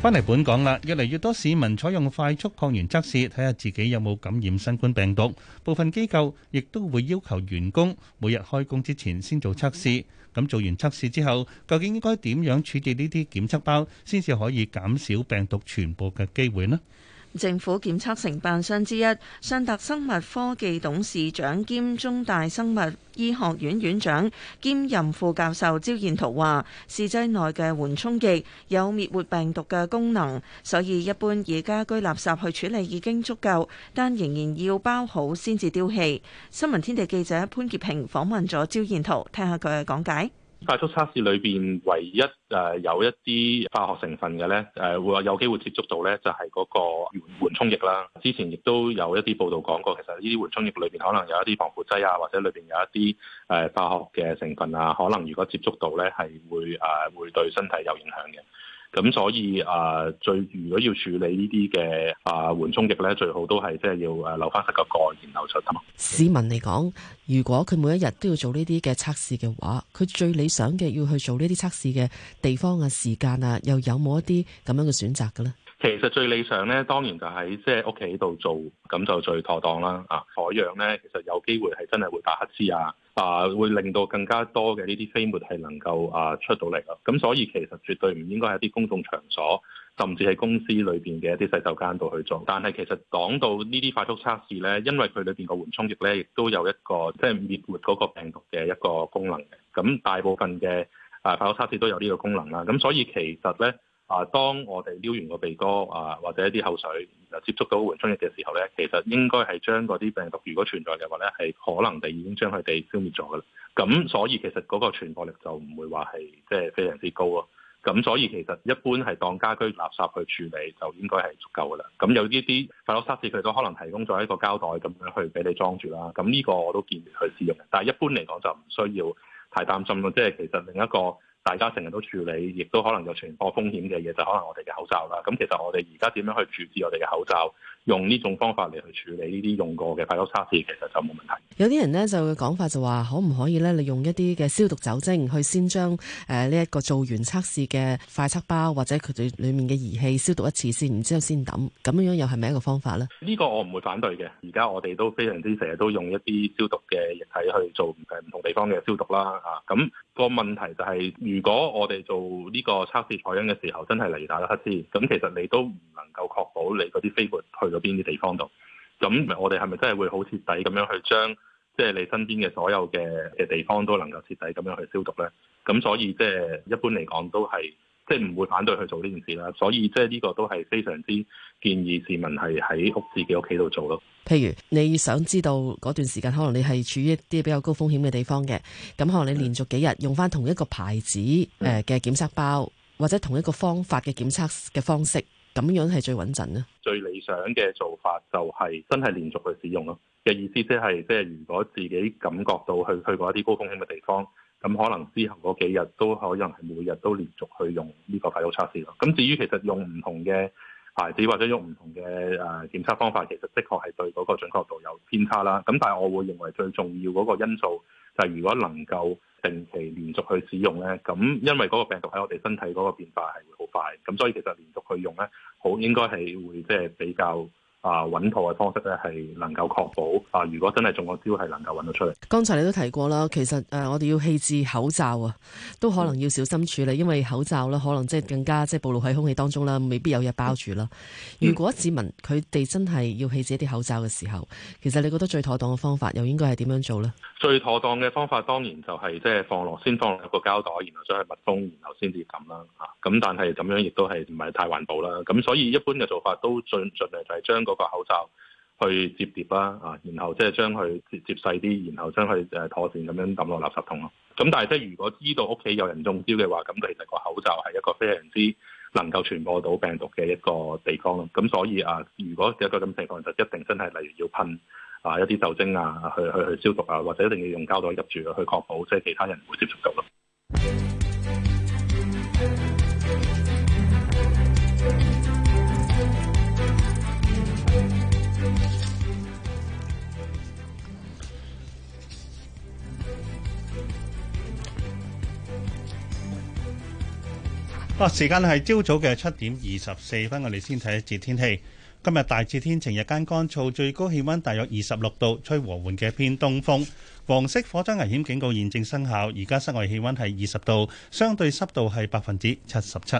翻嚟本港啦，越嚟越多市民採用快速抗原測試，睇下自己有冇感染新冠病毒。部分機構亦都會要求員工每日開工之前先做測試。咁做完測試之後，究竟應該點樣處置呢啲檢測包，先至可以減少病毒傳播嘅機會呢？政府檢測承辦商之一信達生物科技董事長兼中大生物醫學院院長兼任副教授焦燕圖話：試劑內嘅緩衝液有滅活病毒嘅功能，所以一般以家居垃圾去處理已經足夠，但仍然要包好先至丟棄。新聞天地記者潘潔平訪問咗焦燕圖，聽下佢嘅講解。快速測試裏邊唯一誒、呃、有一啲化學成分嘅咧，誒、呃、會有機會接觸到咧，就係、是、嗰個緩衝液啦。之前亦都有一啲報道講過，其實呢啲緩衝液裏邊可能有一啲防腐劑啊，或者裏邊有一啲誒、呃、化學嘅成分啊，可能如果接觸到咧，係會誒、呃、會對身體有影響嘅。咁所以啊，最如果要處理呢啲嘅啊緩衝液咧，最好都係即係要誒留翻十個蓋，然後出。市民嚟講，如果佢每一日都要做呢啲嘅測試嘅話，佢最理想嘅要去做呢啲測試嘅地方啊、時間啊，又有冇一啲咁樣嘅選擇嘅咧？其實最理想咧，當然就喺即係屋企度做，咁就最妥當啦。啊，採樣咧，其實有機會係真係會打乞嗤啊，啊，會令到更加多嘅呢啲飛沫係能夠啊出到嚟咯。咁所以其實絕對唔應該喺啲公眾場所，甚至喺公司裏邊嘅一啲洗手間度去做。但係其實講到呢啲快速測試咧，因為佢裏邊個緩衝液咧，亦都有一個即係、就是、滅活嗰個病毒嘅一個功能嘅。咁大部分嘅啊快速測試都有呢個功能啦。咁所以其實咧。啊！當我哋撩完個鼻哥啊，或者一啲口水、啊、接觸到緩衝液嘅時候咧，其實應該係將嗰啲病毒，如果存在嘅話咧，係可能地已經將佢哋消滅咗噶啦。咁所以其實嗰個傳播力就唔會話係即係非常之高咯。咁所以其實一般係當家居垃圾去處理就應該係足夠噶啦。咁有呢啲快速測試佢都可能提供咗一個膠袋咁樣去俾你裝住啦。咁呢個我都建議去使用，但係一般嚟講就唔需要太擔心咯。即係其實另一個。大家成日都處理，亦都可能有傳播風險嘅嘢，就可能我哋嘅口罩啦。咁其實我哋而家點樣去處置我哋嘅口罩？用呢種方法嚟去處理呢啲用過嘅快速測試，其實就冇問題。有啲人呢就會講法就話，可唔可以呢？你用一啲嘅消毒酒精去先將誒呢一個做完測試嘅快測包，或者佢哋裡面嘅儀器消毒一次先，然之後先抌。咁樣又係咪一個方法呢？呢個我唔會反對嘅。而家我哋都非常之成日都用一啲消毒嘅液體去做唔同地方嘅消毒啦。啊，咁、嗯。個問題就係，如果我哋做呢個測試採樣嘅時候，真係嚟打咗乞嗤，咁其實你都唔能夠確保你嗰啲飛沫去到邊啲地方度，咁我哋係咪真係會好徹底咁樣去將，即係你身邊嘅所有嘅嘅地方都能夠徹底咁樣去消毒呢？咁所以即係一般嚟講都係。即係唔會反對去做呢件事啦，所以即係呢個都係非常之建議市民係喺屋自己屋企度做咯。譬如你想知道嗰段時間，可能你係處於一啲比較高風險嘅地方嘅，咁可能你連續幾日用翻同一個牌子誒嘅檢測包，嗯、或者同一個方法嘅檢測嘅方式，咁樣係最穩陣啦。最理想嘅做法就係真係連續去使用咯。嘅意思、就係、即係即係如果自己感覺到去去過一啲高風險嘅地方。咁可能之後嗰幾日都可能係每日都連續去用呢個快速測試咯。咁至於其實用唔同嘅牌子或者用唔同嘅誒、呃、檢測方法，其實的確係對嗰個準確度有偏差啦。咁但係我會認為最重要嗰個因素就係如果能夠定期連續去使用咧，咁因為嗰個病毒喺我哋身體嗰個變化係會好快，咁所以其實連續去用咧，好應該係會即係比較。啊，穩妥嘅方式咧，係能夠確保啊。如果真係中咗招，係能夠揾到出嚟。剛才你都提過啦，其實誒、呃，我哋要棄置口罩啊，都可能要小心處理，因為口罩咧可能即係更加即係、就是、暴露喺空氣當中啦，未必有嘢包住啦。如果市民佢哋真係要棄置一啲口罩嘅時候，其實你覺得最妥當嘅方法又應該係點樣做呢？最妥當嘅方法當然就係即係放落先，放落一個膠袋，然後將佢密封，然後先至咁啦嚇。咁、啊啊、但係咁樣亦都係唔係太環保啦。咁、啊、所以一般嘅做法都盡盡量就係將個口罩去摺疊啦，啊，然後即係將佢折折細啲，然後將佢誒妥善咁樣抌落垃圾桶咯。咁但係即係如果知道屋企有人中招嘅話，咁其實個口罩係一個非常之能夠傳播到病毒嘅一個地方咯。咁所以啊，如果有一個咁情況，就一定真係例如要噴啊一啲酒精啊，去去去消毒啊，或者一定要用膠袋入住去確保，即係其他人唔會接觸到咯。時間係朝早嘅七點二十四分，我哋先睇一節天氣。今日大致天晴，日間乾燥，最高氣溫大約二十六度，吹和緩嘅偏東風。黃色火災危險警告現正生效，而家室外氣溫係二十度，相對濕度係百分之七十七。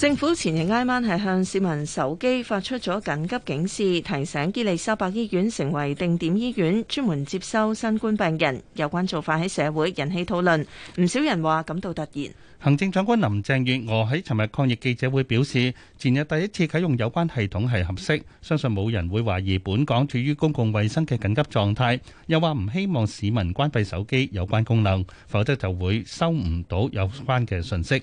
政府前日挨晚係向市民手機發出咗緊急警示，提醒伊利沙伯醫院成為定點醫院，專門接收新冠病人。有關做法喺社會引起討論，唔少人話感到突然。行政長官林鄭月娥喺尋日抗疫記者會表示，前日第一次啟用有關系統係合適，相信冇人會懷疑本港處於公共衛生嘅緊急狀態。又話唔希望市民關閉手機有關功能，否則就會收唔到有關嘅信息。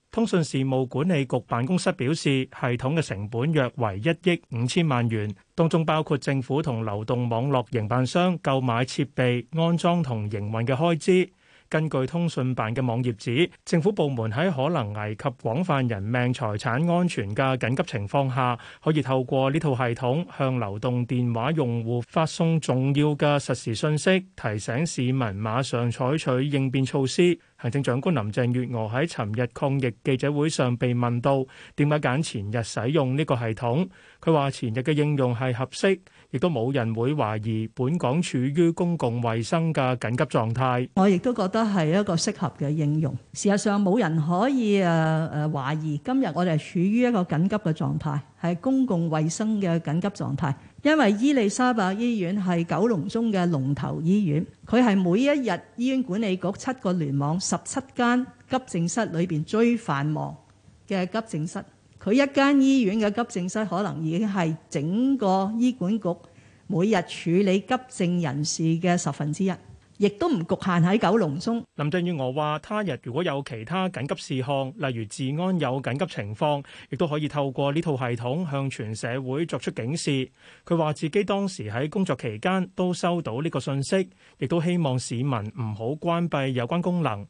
通訊事務管理局辦公室表示，系統嘅成本約為一億五千萬元，當中包括政府同流動網絡營辦商購買設備、安裝同營運嘅開支。根據通訊辦嘅網頁指，政府部門喺可能危及廣泛人命財產安全嘅緊急情況下，可以透過呢套系統向流動電話用戶發送重要嘅實時信息，提醒市民馬上採取應變措施。行政長官林鄭月娥喺尋日抗疫記者會上被問到點解揀前日使用呢個系統，佢話前日嘅應用係合適。亦都冇人會懷疑本港處於公共衛生嘅緊急狀態。我亦都覺得係一個適合嘅應用。事實上冇人可以誒誒懷疑今日我哋係處於一個緊急嘅狀態，係公共衛生嘅緊急狀態。因為伊利沙伯醫院係九龍中嘅龍頭醫院，佢係每一日醫院管理局七個聯網十七間急症室裏邊最繁忙嘅急症室。佢一間醫院嘅急症室可能已經係整個醫管局每日處理急症人士嘅十分之一，亦都唔局限喺九龍中。林鄭月娥話：他日如果有其他緊急事項，例如治安有緊急情況，亦都可以透過呢套系統向全社會作出警示。佢話自己當時喺工作期間都收到呢個信息，亦都希望市民唔好關閉有關功能。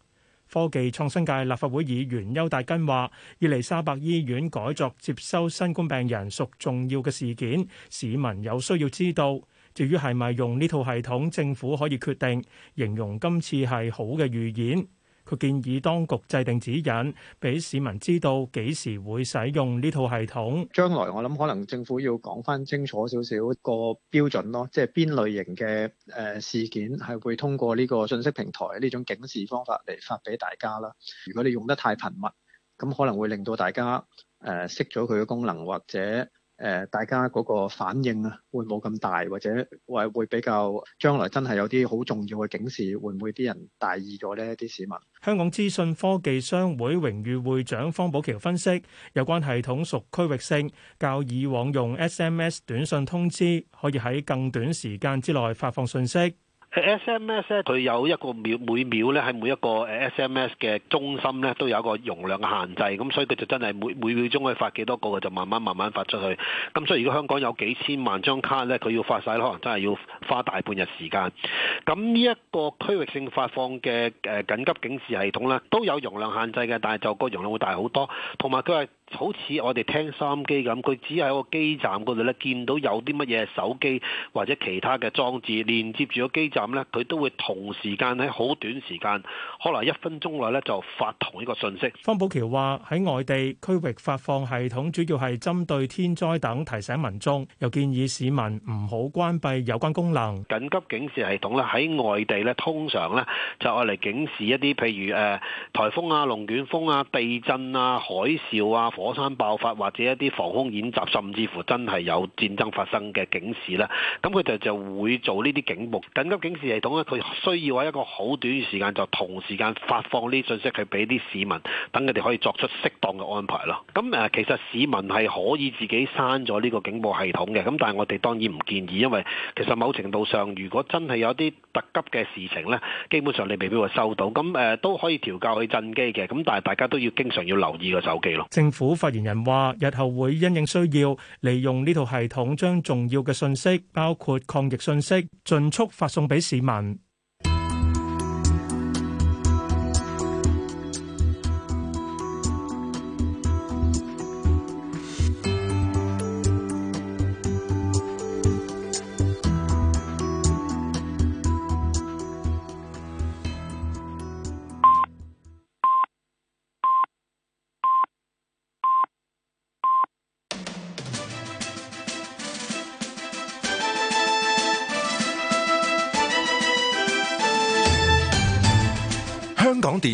科技創新界立法會議員邱達根話，伊利沙伯醫院改作接收新冠病人屬重要嘅事件，市民有需要知道。至於係咪用呢套系統，政府可以決定。形容今次係好嘅預演。佢建議當局制定指引，俾市民知道幾時會使用呢套系統。將來我諗可能政府要講返清楚少少個標準咯，即係邊類型嘅誒事件係會通過呢個信息平台呢種警示方法嚟發俾大家啦。如果你用得太頻密，咁可能會令到大家誒熄咗佢嘅功能或者。誒，大家嗰個反應啊，會冇咁大，或者或會比較將來真係有啲好重要嘅警示，會唔會啲人大意咗呢？啲市民，香港資訊科技商會榮譽會長方保僑分析，有關系統屬區域性，較以往用 SMS 短信通知，可以喺更短時間之內發放信息。S M S 咧，佢有一個秒每秒咧，喺每一個誒 S M S 嘅中心咧，都有一個容量嘅限制，咁所以佢就真係每每秒鐘可以發幾多個嘅，就慢慢慢慢發出去。咁所以如果香港有幾千萬張卡咧，佢要發晒，可能真係要花大半日時間。咁呢一個區域性發放嘅誒緊急警示系統咧，都有容量限制嘅，但係就個容量會大好多，同埋佢係。好似我哋聽收音機咁，佢只喺個基站嗰度咧，見到有啲乜嘢手機或者其他嘅裝置連接住個基站咧，佢都會同時間喺好短時間，可能一分鐘內咧就發同一個信息。方保僑話：喺外地區域發放系統，主要係針對天災等提醒民眾，又建議市民唔好關閉有關功能。緊急警示系統咧喺外地咧，通常咧就係嚟警示一啲譬如誒、呃、颱風啊、龍捲風啊、地震啊、海嘯啊、火山爆發或者一啲防空演習，甚至乎真係有戰爭發生嘅警示啦，咁佢哋就會做呢啲警報緊急警示系統咧，佢需要喺一個好短嘅時間就同時間發放呢啲信息，去俾啲市民等佢哋可以作出適當嘅安排咯。咁誒，其實市民係可以自己刪咗呢個警報系統嘅，咁但係我哋當然唔建議，因為其實某程度上，如果真係有啲特急嘅事情呢，基本上你未必會收到。咁誒都可以調教去震機嘅，咁但係大家都要經常要留意個手機咯。政府。發言人話：日後會因應需要，利用呢套系統將重要嘅信息，包括抗疫信息，迅速發送俾市民。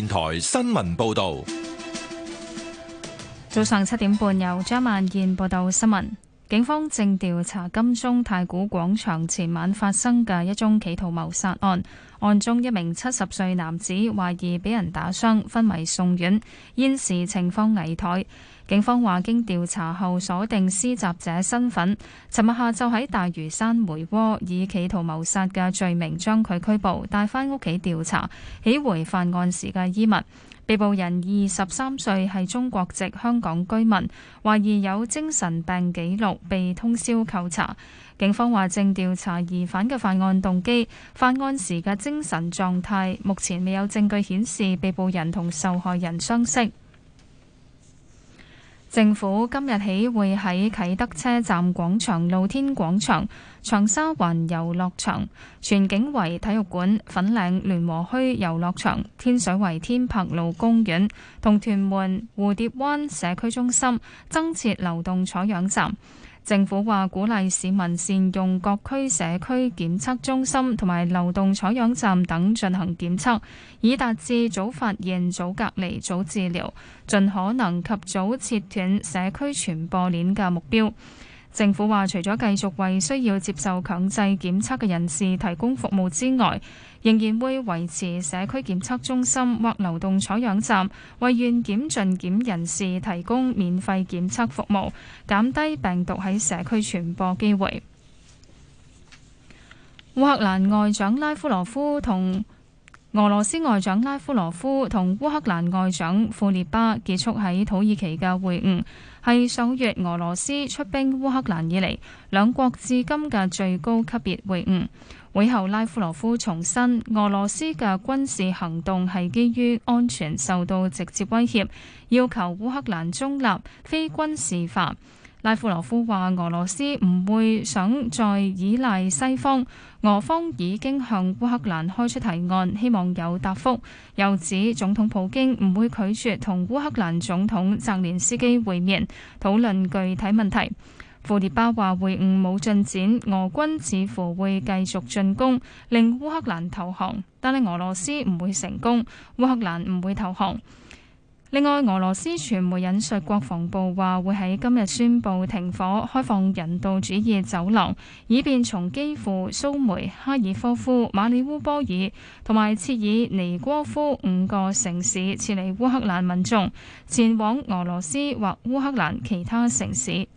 台新聞報道，早上七點半由張萬燕報道新聞。警方正調查金鐘太古廣場前晚發生嘅一宗企圖謀殺案，案中一名七十歲男子懷疑俾人打傷，昏迷送院，現時情況危殆。警方話：經調查後鎖定施襲者身份，尋日下晝喺大嶼山梅窩以企圖謀殺嘅罪名將佢拘捕，帶返屋企調查，起回犯案時嘅衣物。被捕人二十三歲，係中國籍香港居民，懷疑有精神病記錄，被通宵扣查。警方話正調查疑犯嘅犯案動機、犯案時嘅精神狀態，目前未有證據顯示被捕人同受害人相識。政府今日起會喺啟德車站廣場、露天廣場、長沙灣遊樂場、全景圍體育館、粉嶺聯和墟遊樂場、天水圍天柏路公園同屯門蝴蝶灣社區中心增設流動採樣站。政府話鼓勵市民善用各區社區檢測中心同埋流動採樣站等進行檢測，以達至早發現、早隔離、早治療，盡可能及早切斷社區傳播鏈嘅目標。政府話，除咗繼續為需要接受強制檢測嘅人士提供服務之外，仍然會維持社區檢測中心或流動採樣站，為願檢盡檢檢人士提供免費檢測服務，減低病毒喺社區傳播機會。烏克蘭外長拉夫羅夫同俄羅斯外長拉夫羅夫同烏克蘭外長庫列巴結束喺土耳其嘅會晤，係上月俄羅斯出兵烏克蘭以嚟兩國至今嘅最高級別會晤。會後，拉夫羅夫重申俄羅斯嘅軍事行動係基於安全受到直接威脅，要求烏克蘭中立、非軍事化。拉夫羅夫話俄羅斯唔會想再依賴西方，俄方已經向烏克蘭開出提案，希望有答復。又指總統普京唔會拒絕同烏克蘭總統澤連斯基會面，討論具體問題。庫列巴話：會晤冇進展，俄軍似乎會繼續進攻，令烏克蘭投降，但係俄羅斯唔會成功，烏克蘭唔會投降。另外，俄羅斯傳媒引述國防部話，會喺今日宣布停火，開放人道主義走廊，以便從基輔、蘇梅、哈爾科夫、馬里烏波爾同埋切爾尼戈夫五個城市撤離烏克蘭民眾，前往俄羅斯或烏克蘭其他城市。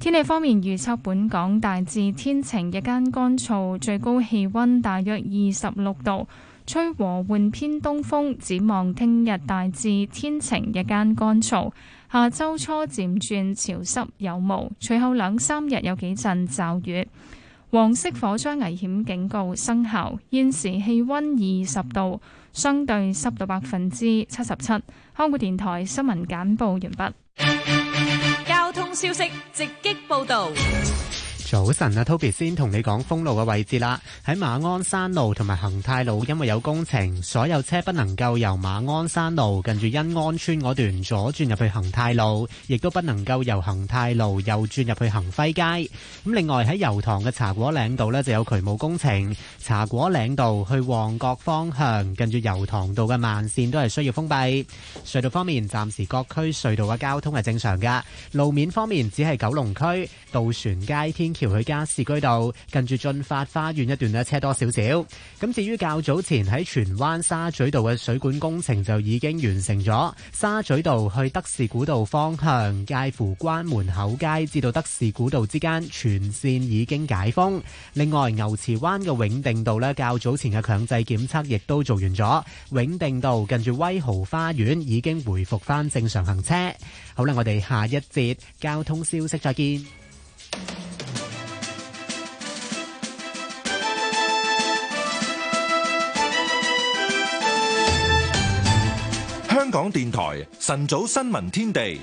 天氣方面預測，預測本港大致天晴，日間乾燥，最高氣溫大約二十六度，吹和緩偏東風。展望聽日大致天晴，日間乾燥。下周初漸轉潮濕有霧，隨後兩三日有幾陣驟雨。黃色火災危險警告生效。現時氣溫二十度，相對濕度百分之七十七。香港電台新聞簡報完畢。消息直擊報導。早晨啊，Toby 先同你講封路嘅位置啦。喺馬鞍山路同埋恒泰路，因為有工程，所有車不能夠由馬鞍山路近住欣安邨嗰段左轉入去恒泰路，亦都不能夠由恒泰路右轉入去恒輝街。咁另外喺油塘嘅茶果嶺道咧就有渠務工程，茶果嶺道去旺角方向近住油塘道嘅慢線都係需要封閉。隧道方面，暫時各區隧道嘅交通係正常噶。路面方面，只係九龍區渡船街天橋去加士居道，近住駿發花園一段呢，車多少少。咁至於較早前喺荃灣沙咀道嘅水管工程就已經完成咗，沙咀道去德士古道方向介乎關門口街至到德士古道之間全線已經解封。另外牛池灣嘅永定道呢，較早前嘅強制檢測亦都做完咗，永定道近住威豪花園已經回复翻正常行車。好啦，我哋下一節交通消息再見。香港電台晨早新聞天地，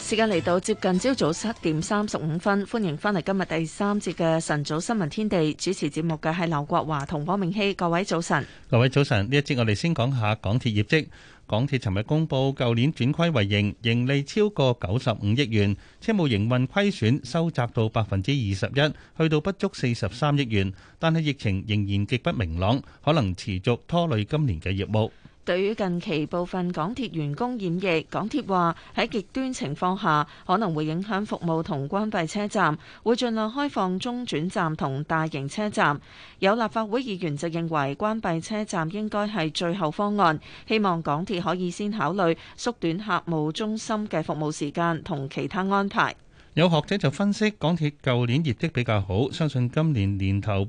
時間嚟到接近朝早七點三十五分，歡迎翻嚟今日第三節嘅晨早新聞天地主持節目嘅係劉國華同汪明熙，各位早晨，各位早晨。呢一節我哋先講下港鐵業績。港鐵尋日公布舊年轉虧為盈，盈利超過九十五億元，車務營運虧損收窄到百分之二十一，去到不足四十三億元，但係疫情仍然極不明朗，可能持續拖累今年嘅業務。對於近期部分港鐵員工染疫，港鐵話喺極端情況下可能會影響服務同關閉車站，會盡量開放中轉站同大型車站。有立法會議員就認為關閉車站應該係最後方案，希望港鐵可以先考慮縮短客務中心嘅服務時間同其他安排。有學者就分析港鐵舊年業績比較好，相信今年年頭。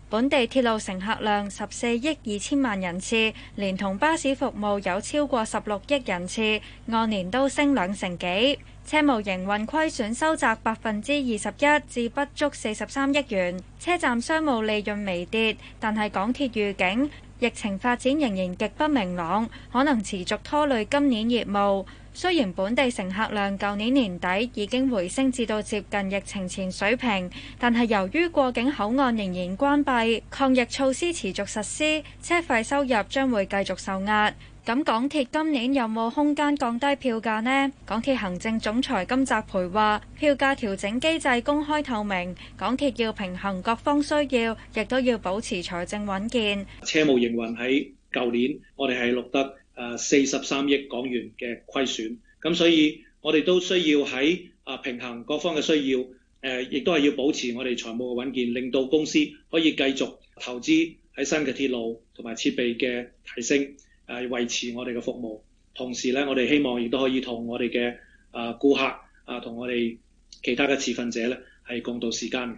本地鐵路乘客量十四億二千萬人次，連同巴士服務有超過十六億人次，按年都升兩成幾。車務營運虧損收窄百分之二十一至不足四十三億元，車站商務利潤微跌，但係港鐵預警疫情發展仍然極不明朗，可能持續拖累今年業務。雖然本地乘客量舊年年底已經回升至到接近疫情前水平，但係由於過境口岸仍然關閉，抗疫措施持續實施，車費收入將會繼續受壓。咁港鐵今年有冇空間降低票價呢？港鐵行政總裁金澤培話：票價調整機制公開透明，港鐵要平衡各方需要，亦都要保持財政穩健。車務營運喺舊年，我哋係錄得。啊，四十三億港元嘅虧損，咁所以我哋都需要喺啊平衡各方嘅需要，誒、呃，亦都係要保持我哋財務嘅穩健，令到公司可以繼續投資喺新嘅鐵路同埋設備嘅提升，誒、呃，維持我哋嘅服務，同時咧，我哋希望亦都可以同我哋嘅啊顧客啊同我哋其他嘅持份者咧係共渡時艱嘅。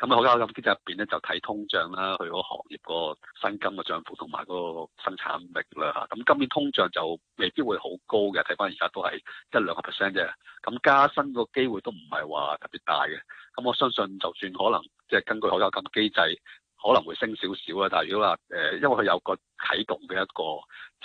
咁厚街咁機制入邊咧，就睇通脹啦，佢嗰個行業個薪金嘅漲幅同埋嗰個生產力啦嚇。咁、嗯、今年通脹就未必會好高嘅，睇翻而家都係一兩個 percent 啫。咁、嗯、加薪個機會都唔係話特別大嘅。咁、嗯、我相信就算可能即係根據厚街金機制，可能會升少少啦。但係如果話誒、呃，因為佢有個啟動嘅一個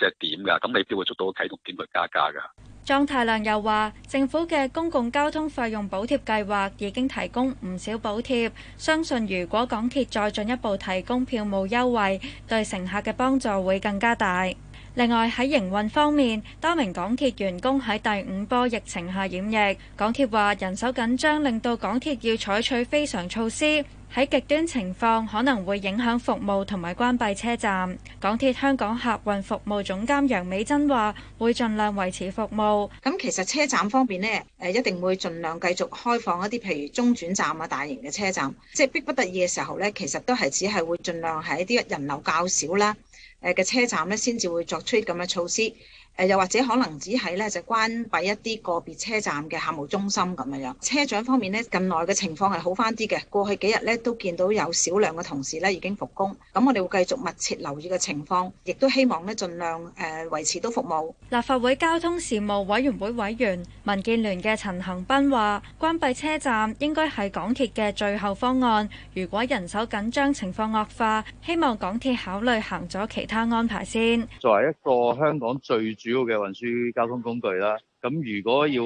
即係點㗎，咁未必會觸到個啟動點去加價㗎。莊太亮又話：政府嘅公共交通費用補貼計劃已經提供唔少補貼，相信如果港鐵再進一步提供票務優惠，對乘客嘅幫助會更加大。另外喺營運方面，多名港鐵員工喺第五波疫情下染疫，港鐵話人手緊張令到港鐵要採取非常措施。喺極端情況，可能會影響服務同埋關閉車站。港鐵香港客運服務總監楊美珍話，會盡量維持服務。咁其實車站方面呢，誒一定會盡量繼續開放一啲，譬如中轉站啊、大型嘅車站。即係迫不得已嘅時候呢，其實都係只係會盡量喺啲人流較少啦，誒嘅車站呢先至會作出咁嘅措施。誒又或者可能只係咧，就關閉一啲個別車站嘅客務中心咁樣樣。車長方面呢，近來嘅情況係好翻啲嘅。過去幾日呢，都見到有少量嘅同事呢已經復工。咁我哋會繼續密切留意嘅情況，亦都希望呢盡量誒維持到服務。立法會交通事務委員會委員民建聯嘅陳恒斌話，關閉車站應該係港鐵嘅最後方案。如果人手緊張情況惡化，希望港鐵考慮行咗其他安排先。作為一個香港最主要嘅運輸交通工具啦，咁如果要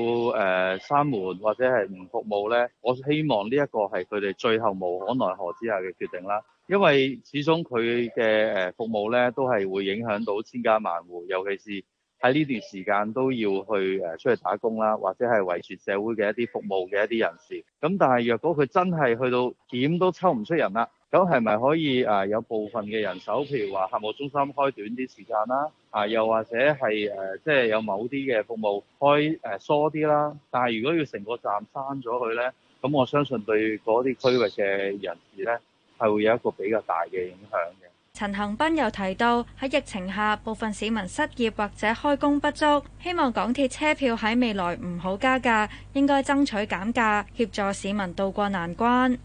誒閂門或者係唔服務呢，我希望呢一個係佢哋最後無可奈何之下嘅決定啦，因為始終佢嘅誒服務呢都係會影響到千家萬戶，尤其是喺呢段時間都要去誒出去打工啦，或者係維持社會嘅一啲服務嘅一啲人士。咁但係若果佢真係去到點都抽唔出人啦。咁係咪可以誒有部分嘅人手，譬如話客務中心開短啲時間啦，啊又或者係誒即係有某啲嘅服務開誒疏啲啦？但係如果要成個站刪咗佢咧，咁我相信對嗰啲區域嘅人士咧係會有一個比較大嘅影響嘅。陳恆斌又提到喺疫情下，部分市民失業或者開工不足，希望港鐵車票喺未來唔好加價，應該爭取減價，協助市民渡過難關。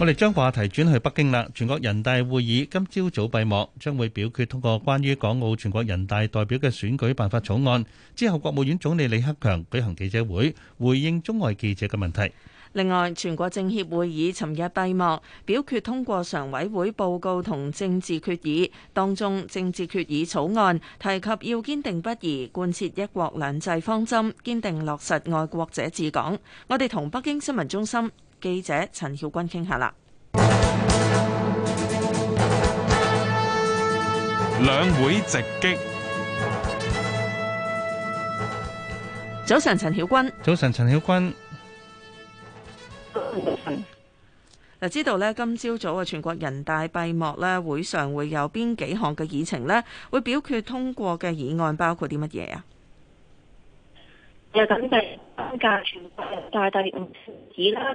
我哋將話題轉去北京啦。全國人大會議今朝早閉幕，將會表決通過關於港澳全國人大代表嘅選舉辦法草案。之後，國務院總理李克強舉行記者會，回應中外記者嘅問題。另外，全國政協會議尋日閉幕，表決通過常委會報告同政治決議。當中，政治決議草案提及要堅定不移貫徹一國兩制方針，堅定落實愛國者治港。我哋同北京新聞中心，記者陳曉君傾下啦，兩會直擊。早晨。陳曉君，早晨。陳曉君。嗱，晨知道呢今朝早嘅全國人大閉幕呢，會上會有邊幾項嘅議程呢？會表決通過嘅議案包括啲乜嘢啊？又等住放假，全國人大第五次啦，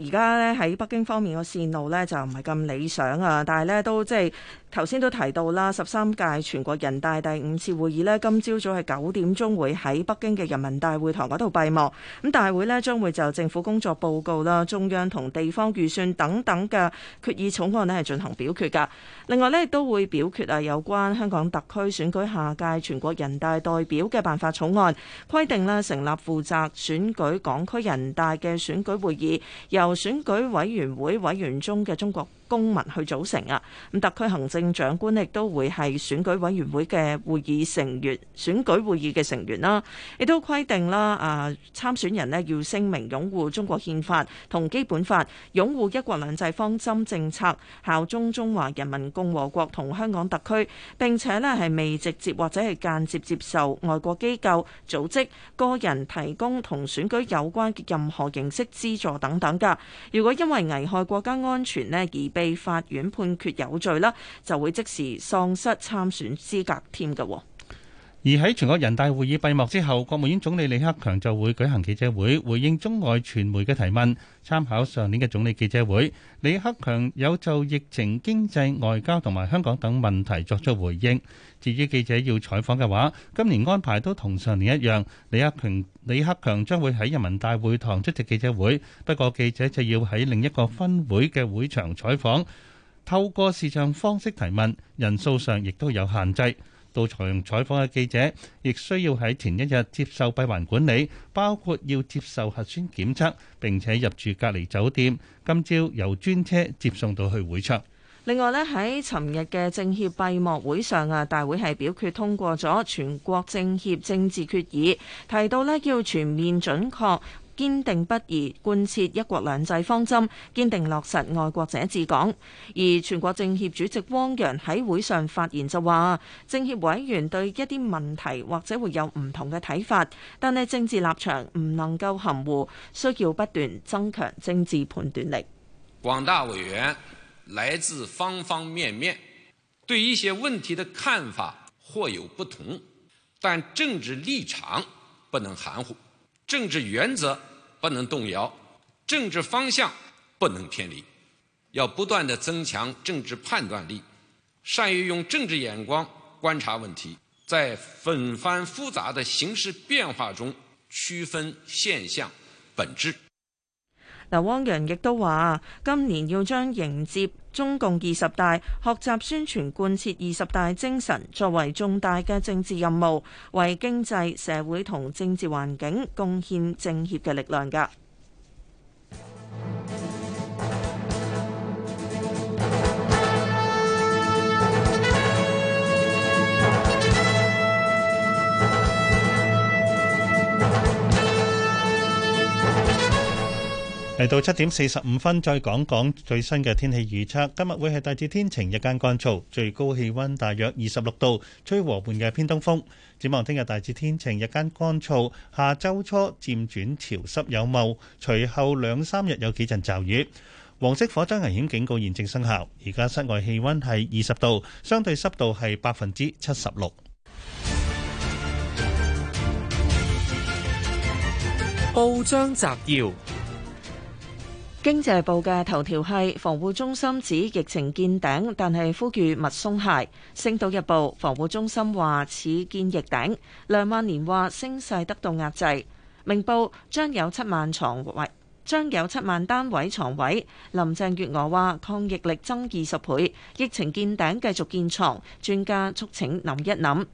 而家咧喺北京方面個線路咧就唔係咁理想啊，但係咧都即係頭先都提到啦，十三屆全國人大第五次會議咧今朝早係九點鐘會喺北京嘅人民大會堂嗰度閉幕。咁大會咧將會就政府工作報告啦、中央同地方預算等等嘅決議草案咧係進行表決噶，另外咧亦都會表決啊有關香港特區選舉下屆全國人大代表嘅辦法草案，規定啦成立負責選舉港區人大嘅選舉會議由。選舉委員會委員中嘅中國。公民去組成啊，咁特區行政長官亦都會係選舉委員會嘅會議成員、選舉會議嘅成員啦，亦都規定啦，啊參選人咧要聲明擁護中國憲法同基本法，擁護一國兩制方針政策，效忠中華人民共和國同香港特區，並且咧係未直接或者係間接接受外國機構、組織、個人提供同選舉有關嘅任何形式資助等等噶。如果因為危害國家安全咧而被被法院判決有罪啦，就會即時喪失參選資格添嘅。而喺全國人大會議閉幕之後，國務院總理李克強就會舉行記者會，回應中外傳媒嘅提問。參考上年嘅總理記者會，李克強有就疫情、經濟、外交同埋香港等問題作出回應。至於記者要採訪嘅話，今年安排都同上年一樣，李克強李克強將會喺人民大會堂出席記者會。不過，記者就要喺另一個分會嘅會場採訪，透過視像方式提問，人數上亦都有限制。到場採訪嘅記者亦需要喺前一日接受閉環管理，包括要接受核酸檢測，並且入住隔離酒店。今朝由專車接送到去會場。另外呢，喺尋日嘅政協閉幕會上啊，大會係表決通過咗全國政協政治決議，提到呢，要全面準確。堅定不移貫徹一國兩制方針，堅定落實愛國者治港。而全國政協主席汪洋喺會上發言就話：政協委員對一啲問題或者會有唔同嘅睇法，但係政治立場唔能夠含糊，需要不斷增強政治判斷力。廣大委員來自方方面面，對一些問題的看法或有不同，但政治立場不能含糊。政治原則不能動搖，政治方向不能偏離，要不斷的增強政治判斷力，善於用政治眼光觀察問題，在紛繁複雜的形勢變化中區分現象、本質。嗱，汪洋亦都話，今年要將迎接中共二十大學習宣傳貫徹二十大精神作為重大嘅政治任務，為經濟、社會同政治環境貢獻政協嘅力量㗎。嚟到七點四十五分，再講講最新嘅天氣預測。今日會係大致天晴，日間乾燥，最高氣温大約二十六度，吹和緩嘅偏東風。展望聽日大致天晴，日間乾燥，下周初漸轉潮濕有霧，隨後兩三日有幾陣驟雨。黃色火災危險警告現正生效。而家室外氣温係二十度，相對濕度係百分之七十六。報章摘要。經濟部嘅頭條係，防護中心指疫情見頂，但係呼籲勿鬆懈。星島日報，防護中心話似見疫頂。梁萬年話升勢得到壓制。明報將有七萬床位，將有七萬單位床位。林鄭月娥話抗疫力增二十倍，疫情見頂，繼見頂，繼續建床。專家促請諗一諗。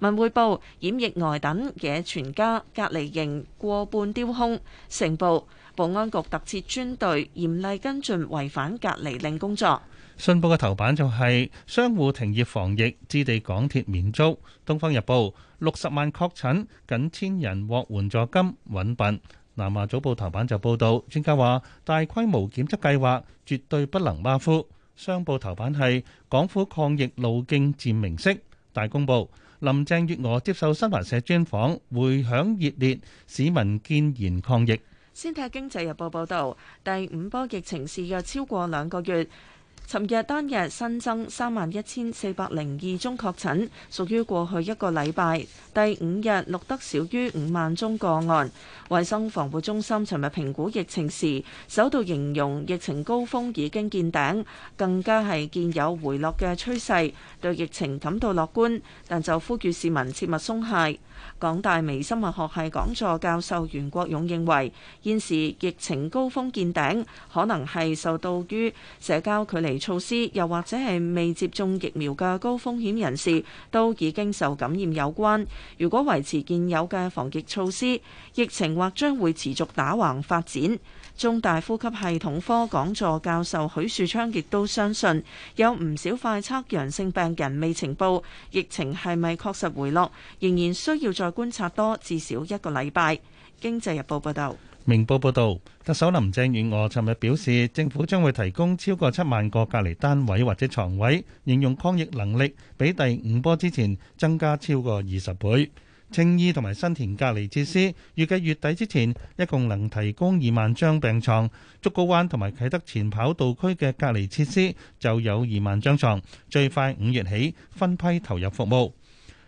文匯報，掩疫外等嘅全家隔離營過半丟空。成報。保安局特設專隊嚴厲跟進違反隔離令工作。信報嘅頭版就係商戶停業防疫，置地港鐵免租。東方日報六十萬確診，僅千人獲援助金。《品》南華早報頭版就報道，專家話大規模檢測計劃絕對不能馬虎。商報頭版係港府抗疫路徑漸明晰，大公報林鄭月娥接受新華社專訪，回響熱烈，市民建言抗疫。先睇《經濟日報》報導，第五波疫情肆虐超過兩個月，尋日單日新增三萬一千四百零二宗確診，屬於過去一個禮拜第五日錄得少於五萬宗個案。衛生防護中心尋日評估疫情時，首度形容疫情高峰已經見頂，更加係見有回落嘅趨勢，對疫情感到樂觀，但就呼籲市民切勿鬆懈。港大微生物學系講座教授袁國勇認為，現時疫情高峰見頂，可能係受到於社交距離措施，又或者係未接種疫苗嘅高風險人士都已經受感染有關。如果維持現有嘅防疫措施，疫情或將會持續打橫發展。中大呼吸系統科講座教授許樹昌亦都相信有唔少快測陽性病人未呈報，疫情係咪確實回落，仍然需要再觀察多至少一個禮拜。《經濟日報》報道，《明報》報道，特首林鄭月娥尋日表示，政府將會提供超過七萬個隔離單位或者床位，應用抗疫能力比第五波之前增加超過二十倍。青衣同埋新田隔離設施，預計月底之前一共能提供二萬張病床。竹篙灣同埋啟德前跑道區嘅隔離設施就有二萬張床，最快五月起分批投入服務。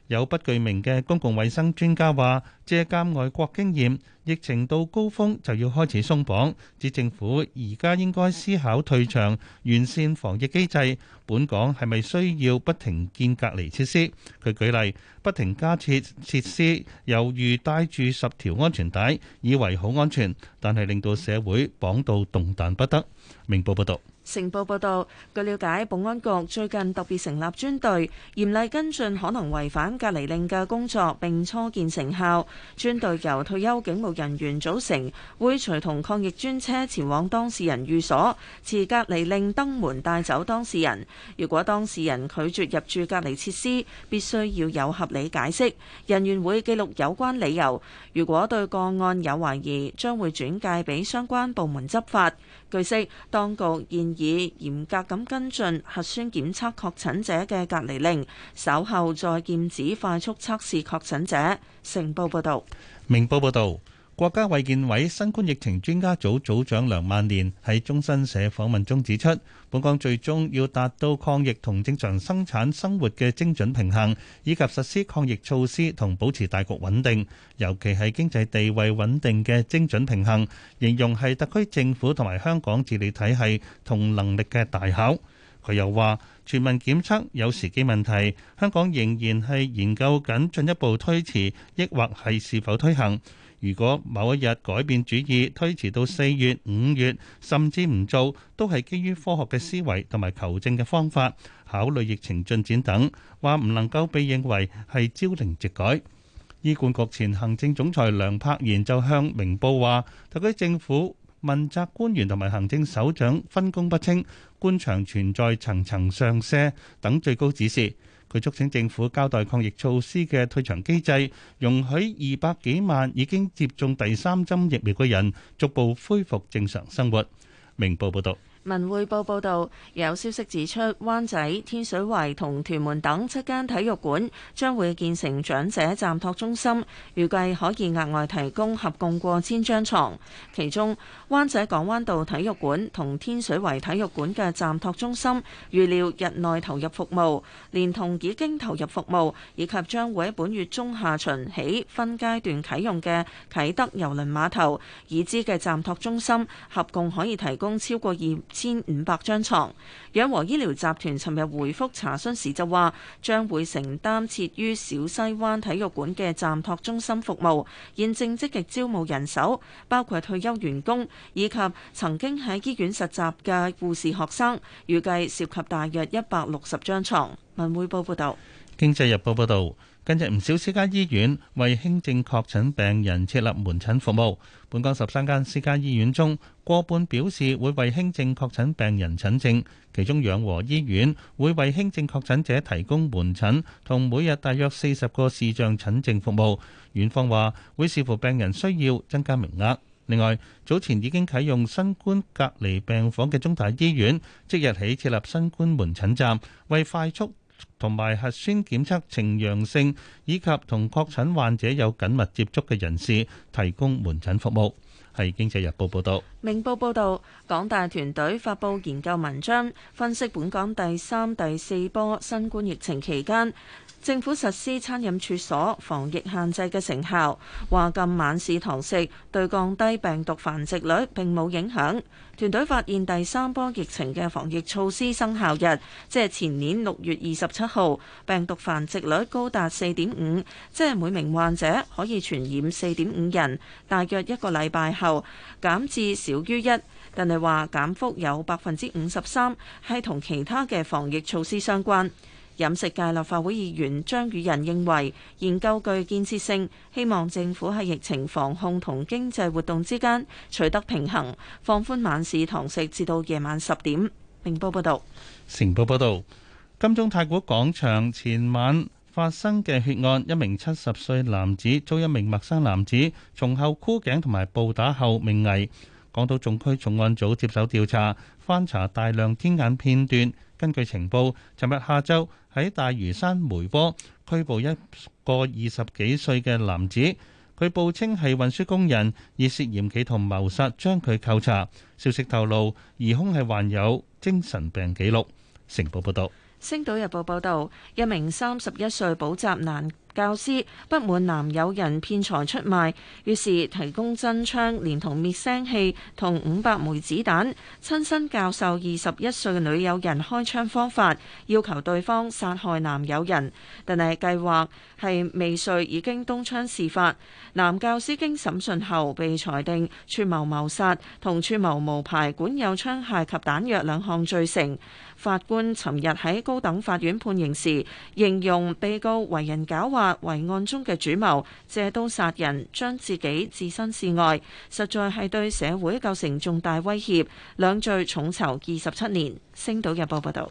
有不具名嘅公共衛生專家話，借鑒外國經驗，疫情到高峰就要開始鬆綁，指政府而家應該思考退場，完善防疫機制。本港係咪需要不停建隔離設施？佢舉例，不停加設設施，猶如帶住十條安全帶，以為好安全，但係令到社會綁到動彈不得。明報報道。成報報導，據了解，保安局最近特別成立專隊，嚴厲跟進可能違反隔離令嘅工作，並初見成效。專隊由退休警務人員組成，會隨同抗疫專車前往當事人寓所，持隔離令登門帶走當事人。如果當事人拒絕入住隔離設施，必須要有合理解釋。人員會記錄有關理由。如果對個案有懷疑，將會轉介俾相關部門執法。據悉，當局現已嚴格咁跟進核酸檢測確診者嘅隔離令，稍後再劍指快速測試確診者。成報報道，明報報道。國家衛健委新冠疫情專家組組長梁萬年喺中新社訪問中指出，本港最終要達到抗疫同正常生產生活嘅精準平衡，以及實施抗疫措施同保持大局穩定，尤其係經濟地位穩定嘅精準平衡，形容係特區政府同埋香港治理體系同能力嘅大考。佢又話：全民檢測有時機問題，香港仍然係研究緊進一步推遲，抑或係是，是否推行。如果某一日改變主意，推遲到四月、五月，甚至唔做，都係基於科學嘅思維同埋求證嘅方法，考慮疫情進展等，話唔能夠被認為係朝令夕改。醫管局前行政總裁梁柏賢就向明報話：特區政府問責官員同埋行政首長分工不清，官場存在層層上卸等最高指示。促請政府交代抗疫措施嘅退場機製，容許二百幾萬已經接種第三針疫苗嘅人逐步恢復正常生活。明報報道。文匯報報道，有消息指出，灣仔、天水圍同屯門等七間體育館將會建成長者暫託中心，預計可以額外提供合共過千張床。其中，灣仔港灣道體育館同天水圍體育館嘅暫託中心，預料日內投入服務，連同已經投入服務以及將會喺本月中下旬起分階段啟用嘅啟德郵輪碼頭已知嘅暫託中心，合共可以提供超過二千五百張床。養和醫療集團尋日回覆查詢時就話，將會承擔設於小西灣體育館嘅暫托中心服務，現正積極招募人手，包括退休員工以及曾經喺醫院實習嘅護士學生，預計涉及，及大約一百六十張床。文匯報報道。經濟日報報道。近日唔少私家醫院為輕症確診病人設立門診服務。本港十三間私家醫院中，過半表示會為輕症確診病人診症，其中養和醫院會為輕症確診者提供門診同每日大約四十個視像診症服務。院方話會視乎病人需要增加名額。另外，早前已經啟用新冠隔離病房嘅中大醫院，即日起設立新冠門診站，為快速同埋核酸檢測呈陽性以及同確診患者有緊密接觸嘅人士提供門診服務。係經濟日報報道。明報報道，港大團隊發布研究文章，分析本港第三、第四波新冠疫情期間，政府實施餐飲處所防疫限制嘅成效，話禁晚市堂食對降低病毒繁殖率並冇影響。團隊發現第三波疫情嘅防疫措施生效日，即係前年六月二十七號，病毒繁殖率高達四點五，即係每名患者可以傳染四點五人。大約一個禮拜後減至少於一，但係話減幅有百分之五十三係同其他嘅防疫措施相關。飲食界立法會議員張宇人認為研究具建設性，希望政府喺疫情防控同經濟活動之間取得平衡，放寬晚市堂食至到夜晚十點。明報報導，成報報導，金鐘太古廣場前晚發生嘅血案，一名七十歲男子遭一名陌生男子從後箍頸同埋暴打後命危，港島總區重案組接手調查，翻查大量天眼片段。根據情報，尋日下晝喺大嶼山梅窩拘捕一個二十幾歲嘅男子，佢報稱係運輸工人，以涉嫌企圖謀殺將佢扣查。消息透露，疑凶係患有精神病記錄。成報報道。《星島日報》報導，一名三十一歲補習男教師不滿男友人騙財出賣，於是提供真槍，連同滅聲器同五百枚子彈，親身教授二十一歲女友人開槍方法，要求對方殺害男友人。但係計劃係未遂，已經東窗事發。男教師經審訊後被裁定串謀謀殺同串謀無牌管有槍械及彈藥兩項罪成。法官尋日喺高等法院判刑時，形容被告為人狡猾，為案中嘅主謀，借刀殺人，將自己置身事外，實在係對社會構成重大威脅，兩罪重囚二十七年。星島日報報道。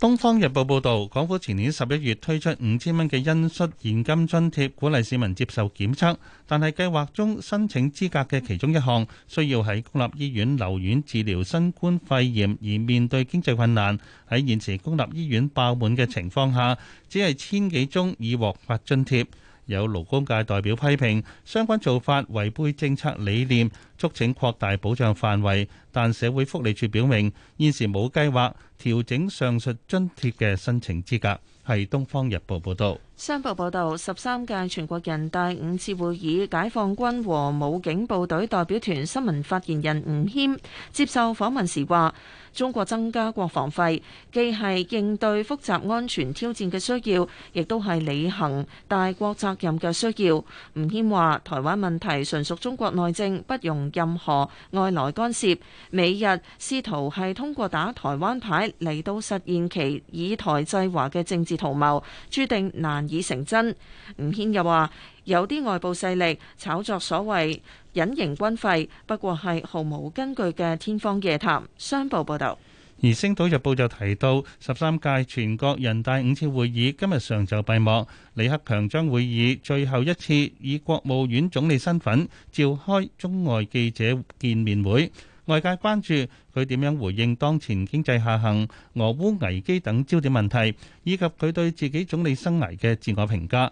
《東方日報》報道，港府前年十一月推出五千蚊嘅恩恤現金津貼，鼓勵市民接受檢測，但係計劃中申請資格嘅其中一項需要喺公立醫院留院治療新冠肺炎而面對經濟困難，喺現時公立醫院爆滿嘅情況下，只係千幾宗已獲發津貼。有勞工界代表批評相關做法違背政策理念，促請擴大保障範圍。但社會福利處表明，現時冇計劃調整上述津貼嘅申請資格。係《東方日報》報道。商報報導，十三屆全國人大五次會議，解放軍和武警部隊代表團新聞發言人吳謙接受訪問時話：中國增加國防費，既係應對複雜安全挑戰嘅需要，亦都係履行大國責任嘅需要。吳謙話：台灣問題純屬中國內政，不容任何外來干涉。美日試圖係通過打台灣牌嚟到實現其以台制華嘅政治圖謀，註定難。已成真。吳謙又話：有啲外部勢力炒作所謂隱形軍費，不過係毫無根據嘅天方夜譚。商報報道，而《星島日報》就提到，十三屆全國人大五次會議今日上晝閉幕，李克強將會議最後一次以國務院總理身份召開中外記者見面會。外界關注佢點樣回應當前經濟下行、俄烏危機等焦點問題，以及佢對自己總理生涯嘅自我評價。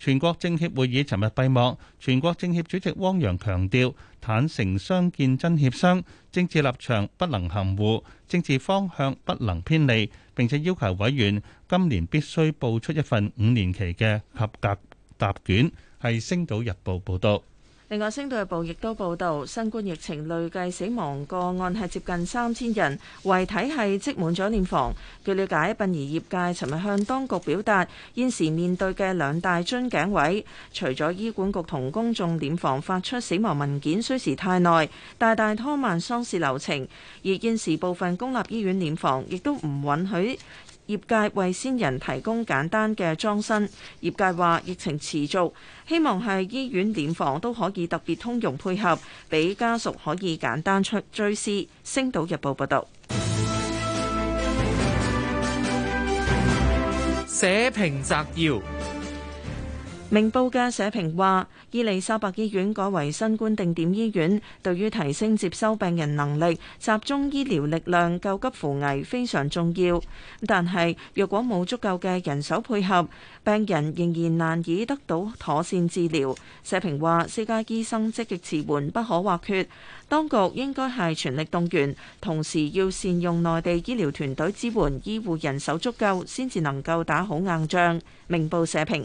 全國政協會議尋日閉幕，全國政協主席汪洋強調，坦誠相見真協商，政治立場不能含糊，政治方向不能偏離。並且要求委員今年必須報出一份五年期嘅合格答卷。係《星島日報》報道。另外，《星島日報》亦都報導，新冠疫情累計死亡個案係接近三千人，遺體係積滿咗殮房。據了解，殯儀業界尋日向當局表達，現時面對嘅兩大樽頸位，除咗醫管局同公眾殮房發出死亡文件需時太耐，大大拖慢喪事流程，而現時部分公立醫院殮房亦都唔允許。業界為先人提供簡單嘅裝身。業界話疫情持續，希望係醫院殮房都可以特別通融配合，俾家屬可以簡單出追思。星島日報報道。社評摘要。明報嘅社評話：伊利沙伯醫院改為新冠定點醫院，對於提升接收病人能力、集中醫療力量救急扶危非常重要。但係若果冇足夠嘅人手配合，病人仍然難以得到妥善治療。社評話：私家醫生積極支援不可或缺，當局應該係全力動員，同時要善用內地醫療團隊支援，醫護人手足夠先至能夠打好硬仗。明報社評。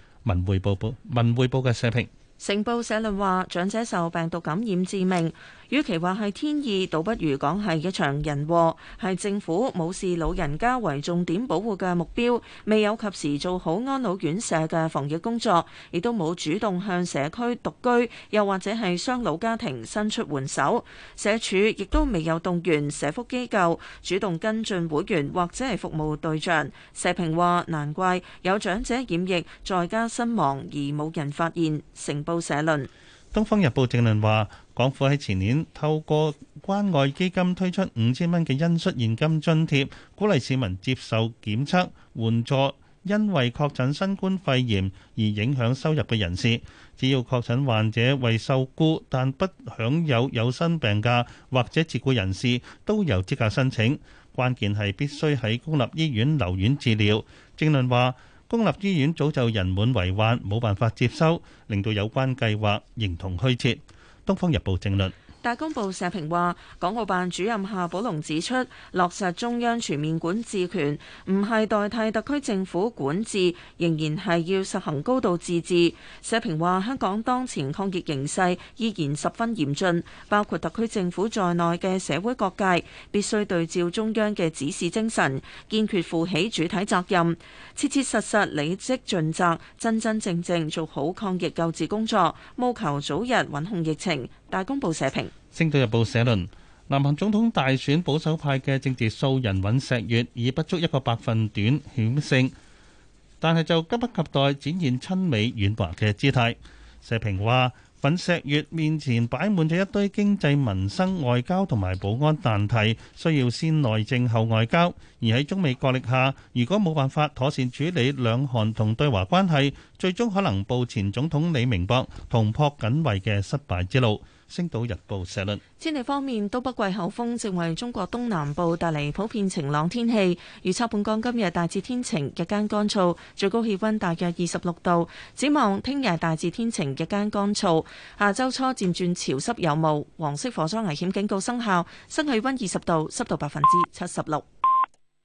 文匯報報文匯報嘅社評，成報社論話：長者受病毒感染致命。與其話係天意，倒不如講係一場人禍。係政府冇視老人家為重點保護嘅目標，未有及時做好安老院舍嘅防疫工作，亦都冇主動向社區獨居又或者係雙老家庭伸出援手。社署亦都未有動員社福機構主動跟進會員或者係服務對象。社評話：難怪有長者染疫在家身亡而冇人發現，成報社論。《東方日報》正論話：港府喺前年透過關外基金推出五千蚊嘅恩恤現金津貼，鼓勵市民接受檢測，援助因為確診新冠肺炎而影響收入嘅人士。只要確診患者為受雇但不享有有薪病假或者自僱人士，都有資格申請。關鍵係必須喺公立醫院留院治療。政論話，公立醫院早就人滿為患，冇辦法接收，令到有關計劃形同虛設。東方日報政論。大公報社評話，港澳辦主任夏寶龍指出，落實中央全面管治權，唔係代替特區政府管治，仍然係要實行高度自治。社評話，香港當前抗疫形勢依然十分嚴峻，包括特區政府在內嘅社會各界必須對照中央嘅指示精神，堅決負起主體責任，切切實實履職盡責，真真正正做好抗疫救治工作，務求早日穩控疫情。大公報社評，《星島日報》社論：南韓總統大選保守派嘅政治素人尹錫悅，以不足一個百分點險勝，但係就急不及待展現親美軟華嘅姿態。社評話：尹錫悅面前擺滿咗一堆經濟、民生、外交同埋保安難題，需要先內政後外交。而喺中美角力下，如果冇辦法妥善處理兩韓同對華關係，最終可能步前總統李明博同朴槿惠嘅失敗之路。《星島日報》社論：天氣方面，東北季候風正為中國東南部帶嚟普遍晴朗天氣。預測本港今日大致天晴，日間乾燥，最高氣温大約二十六度。展望聽日大致天晴，日間乾燥。下周初漸轉潮濕有霧，黃色火災危險警告生效。新氣温二十度，濕度百分之七十六。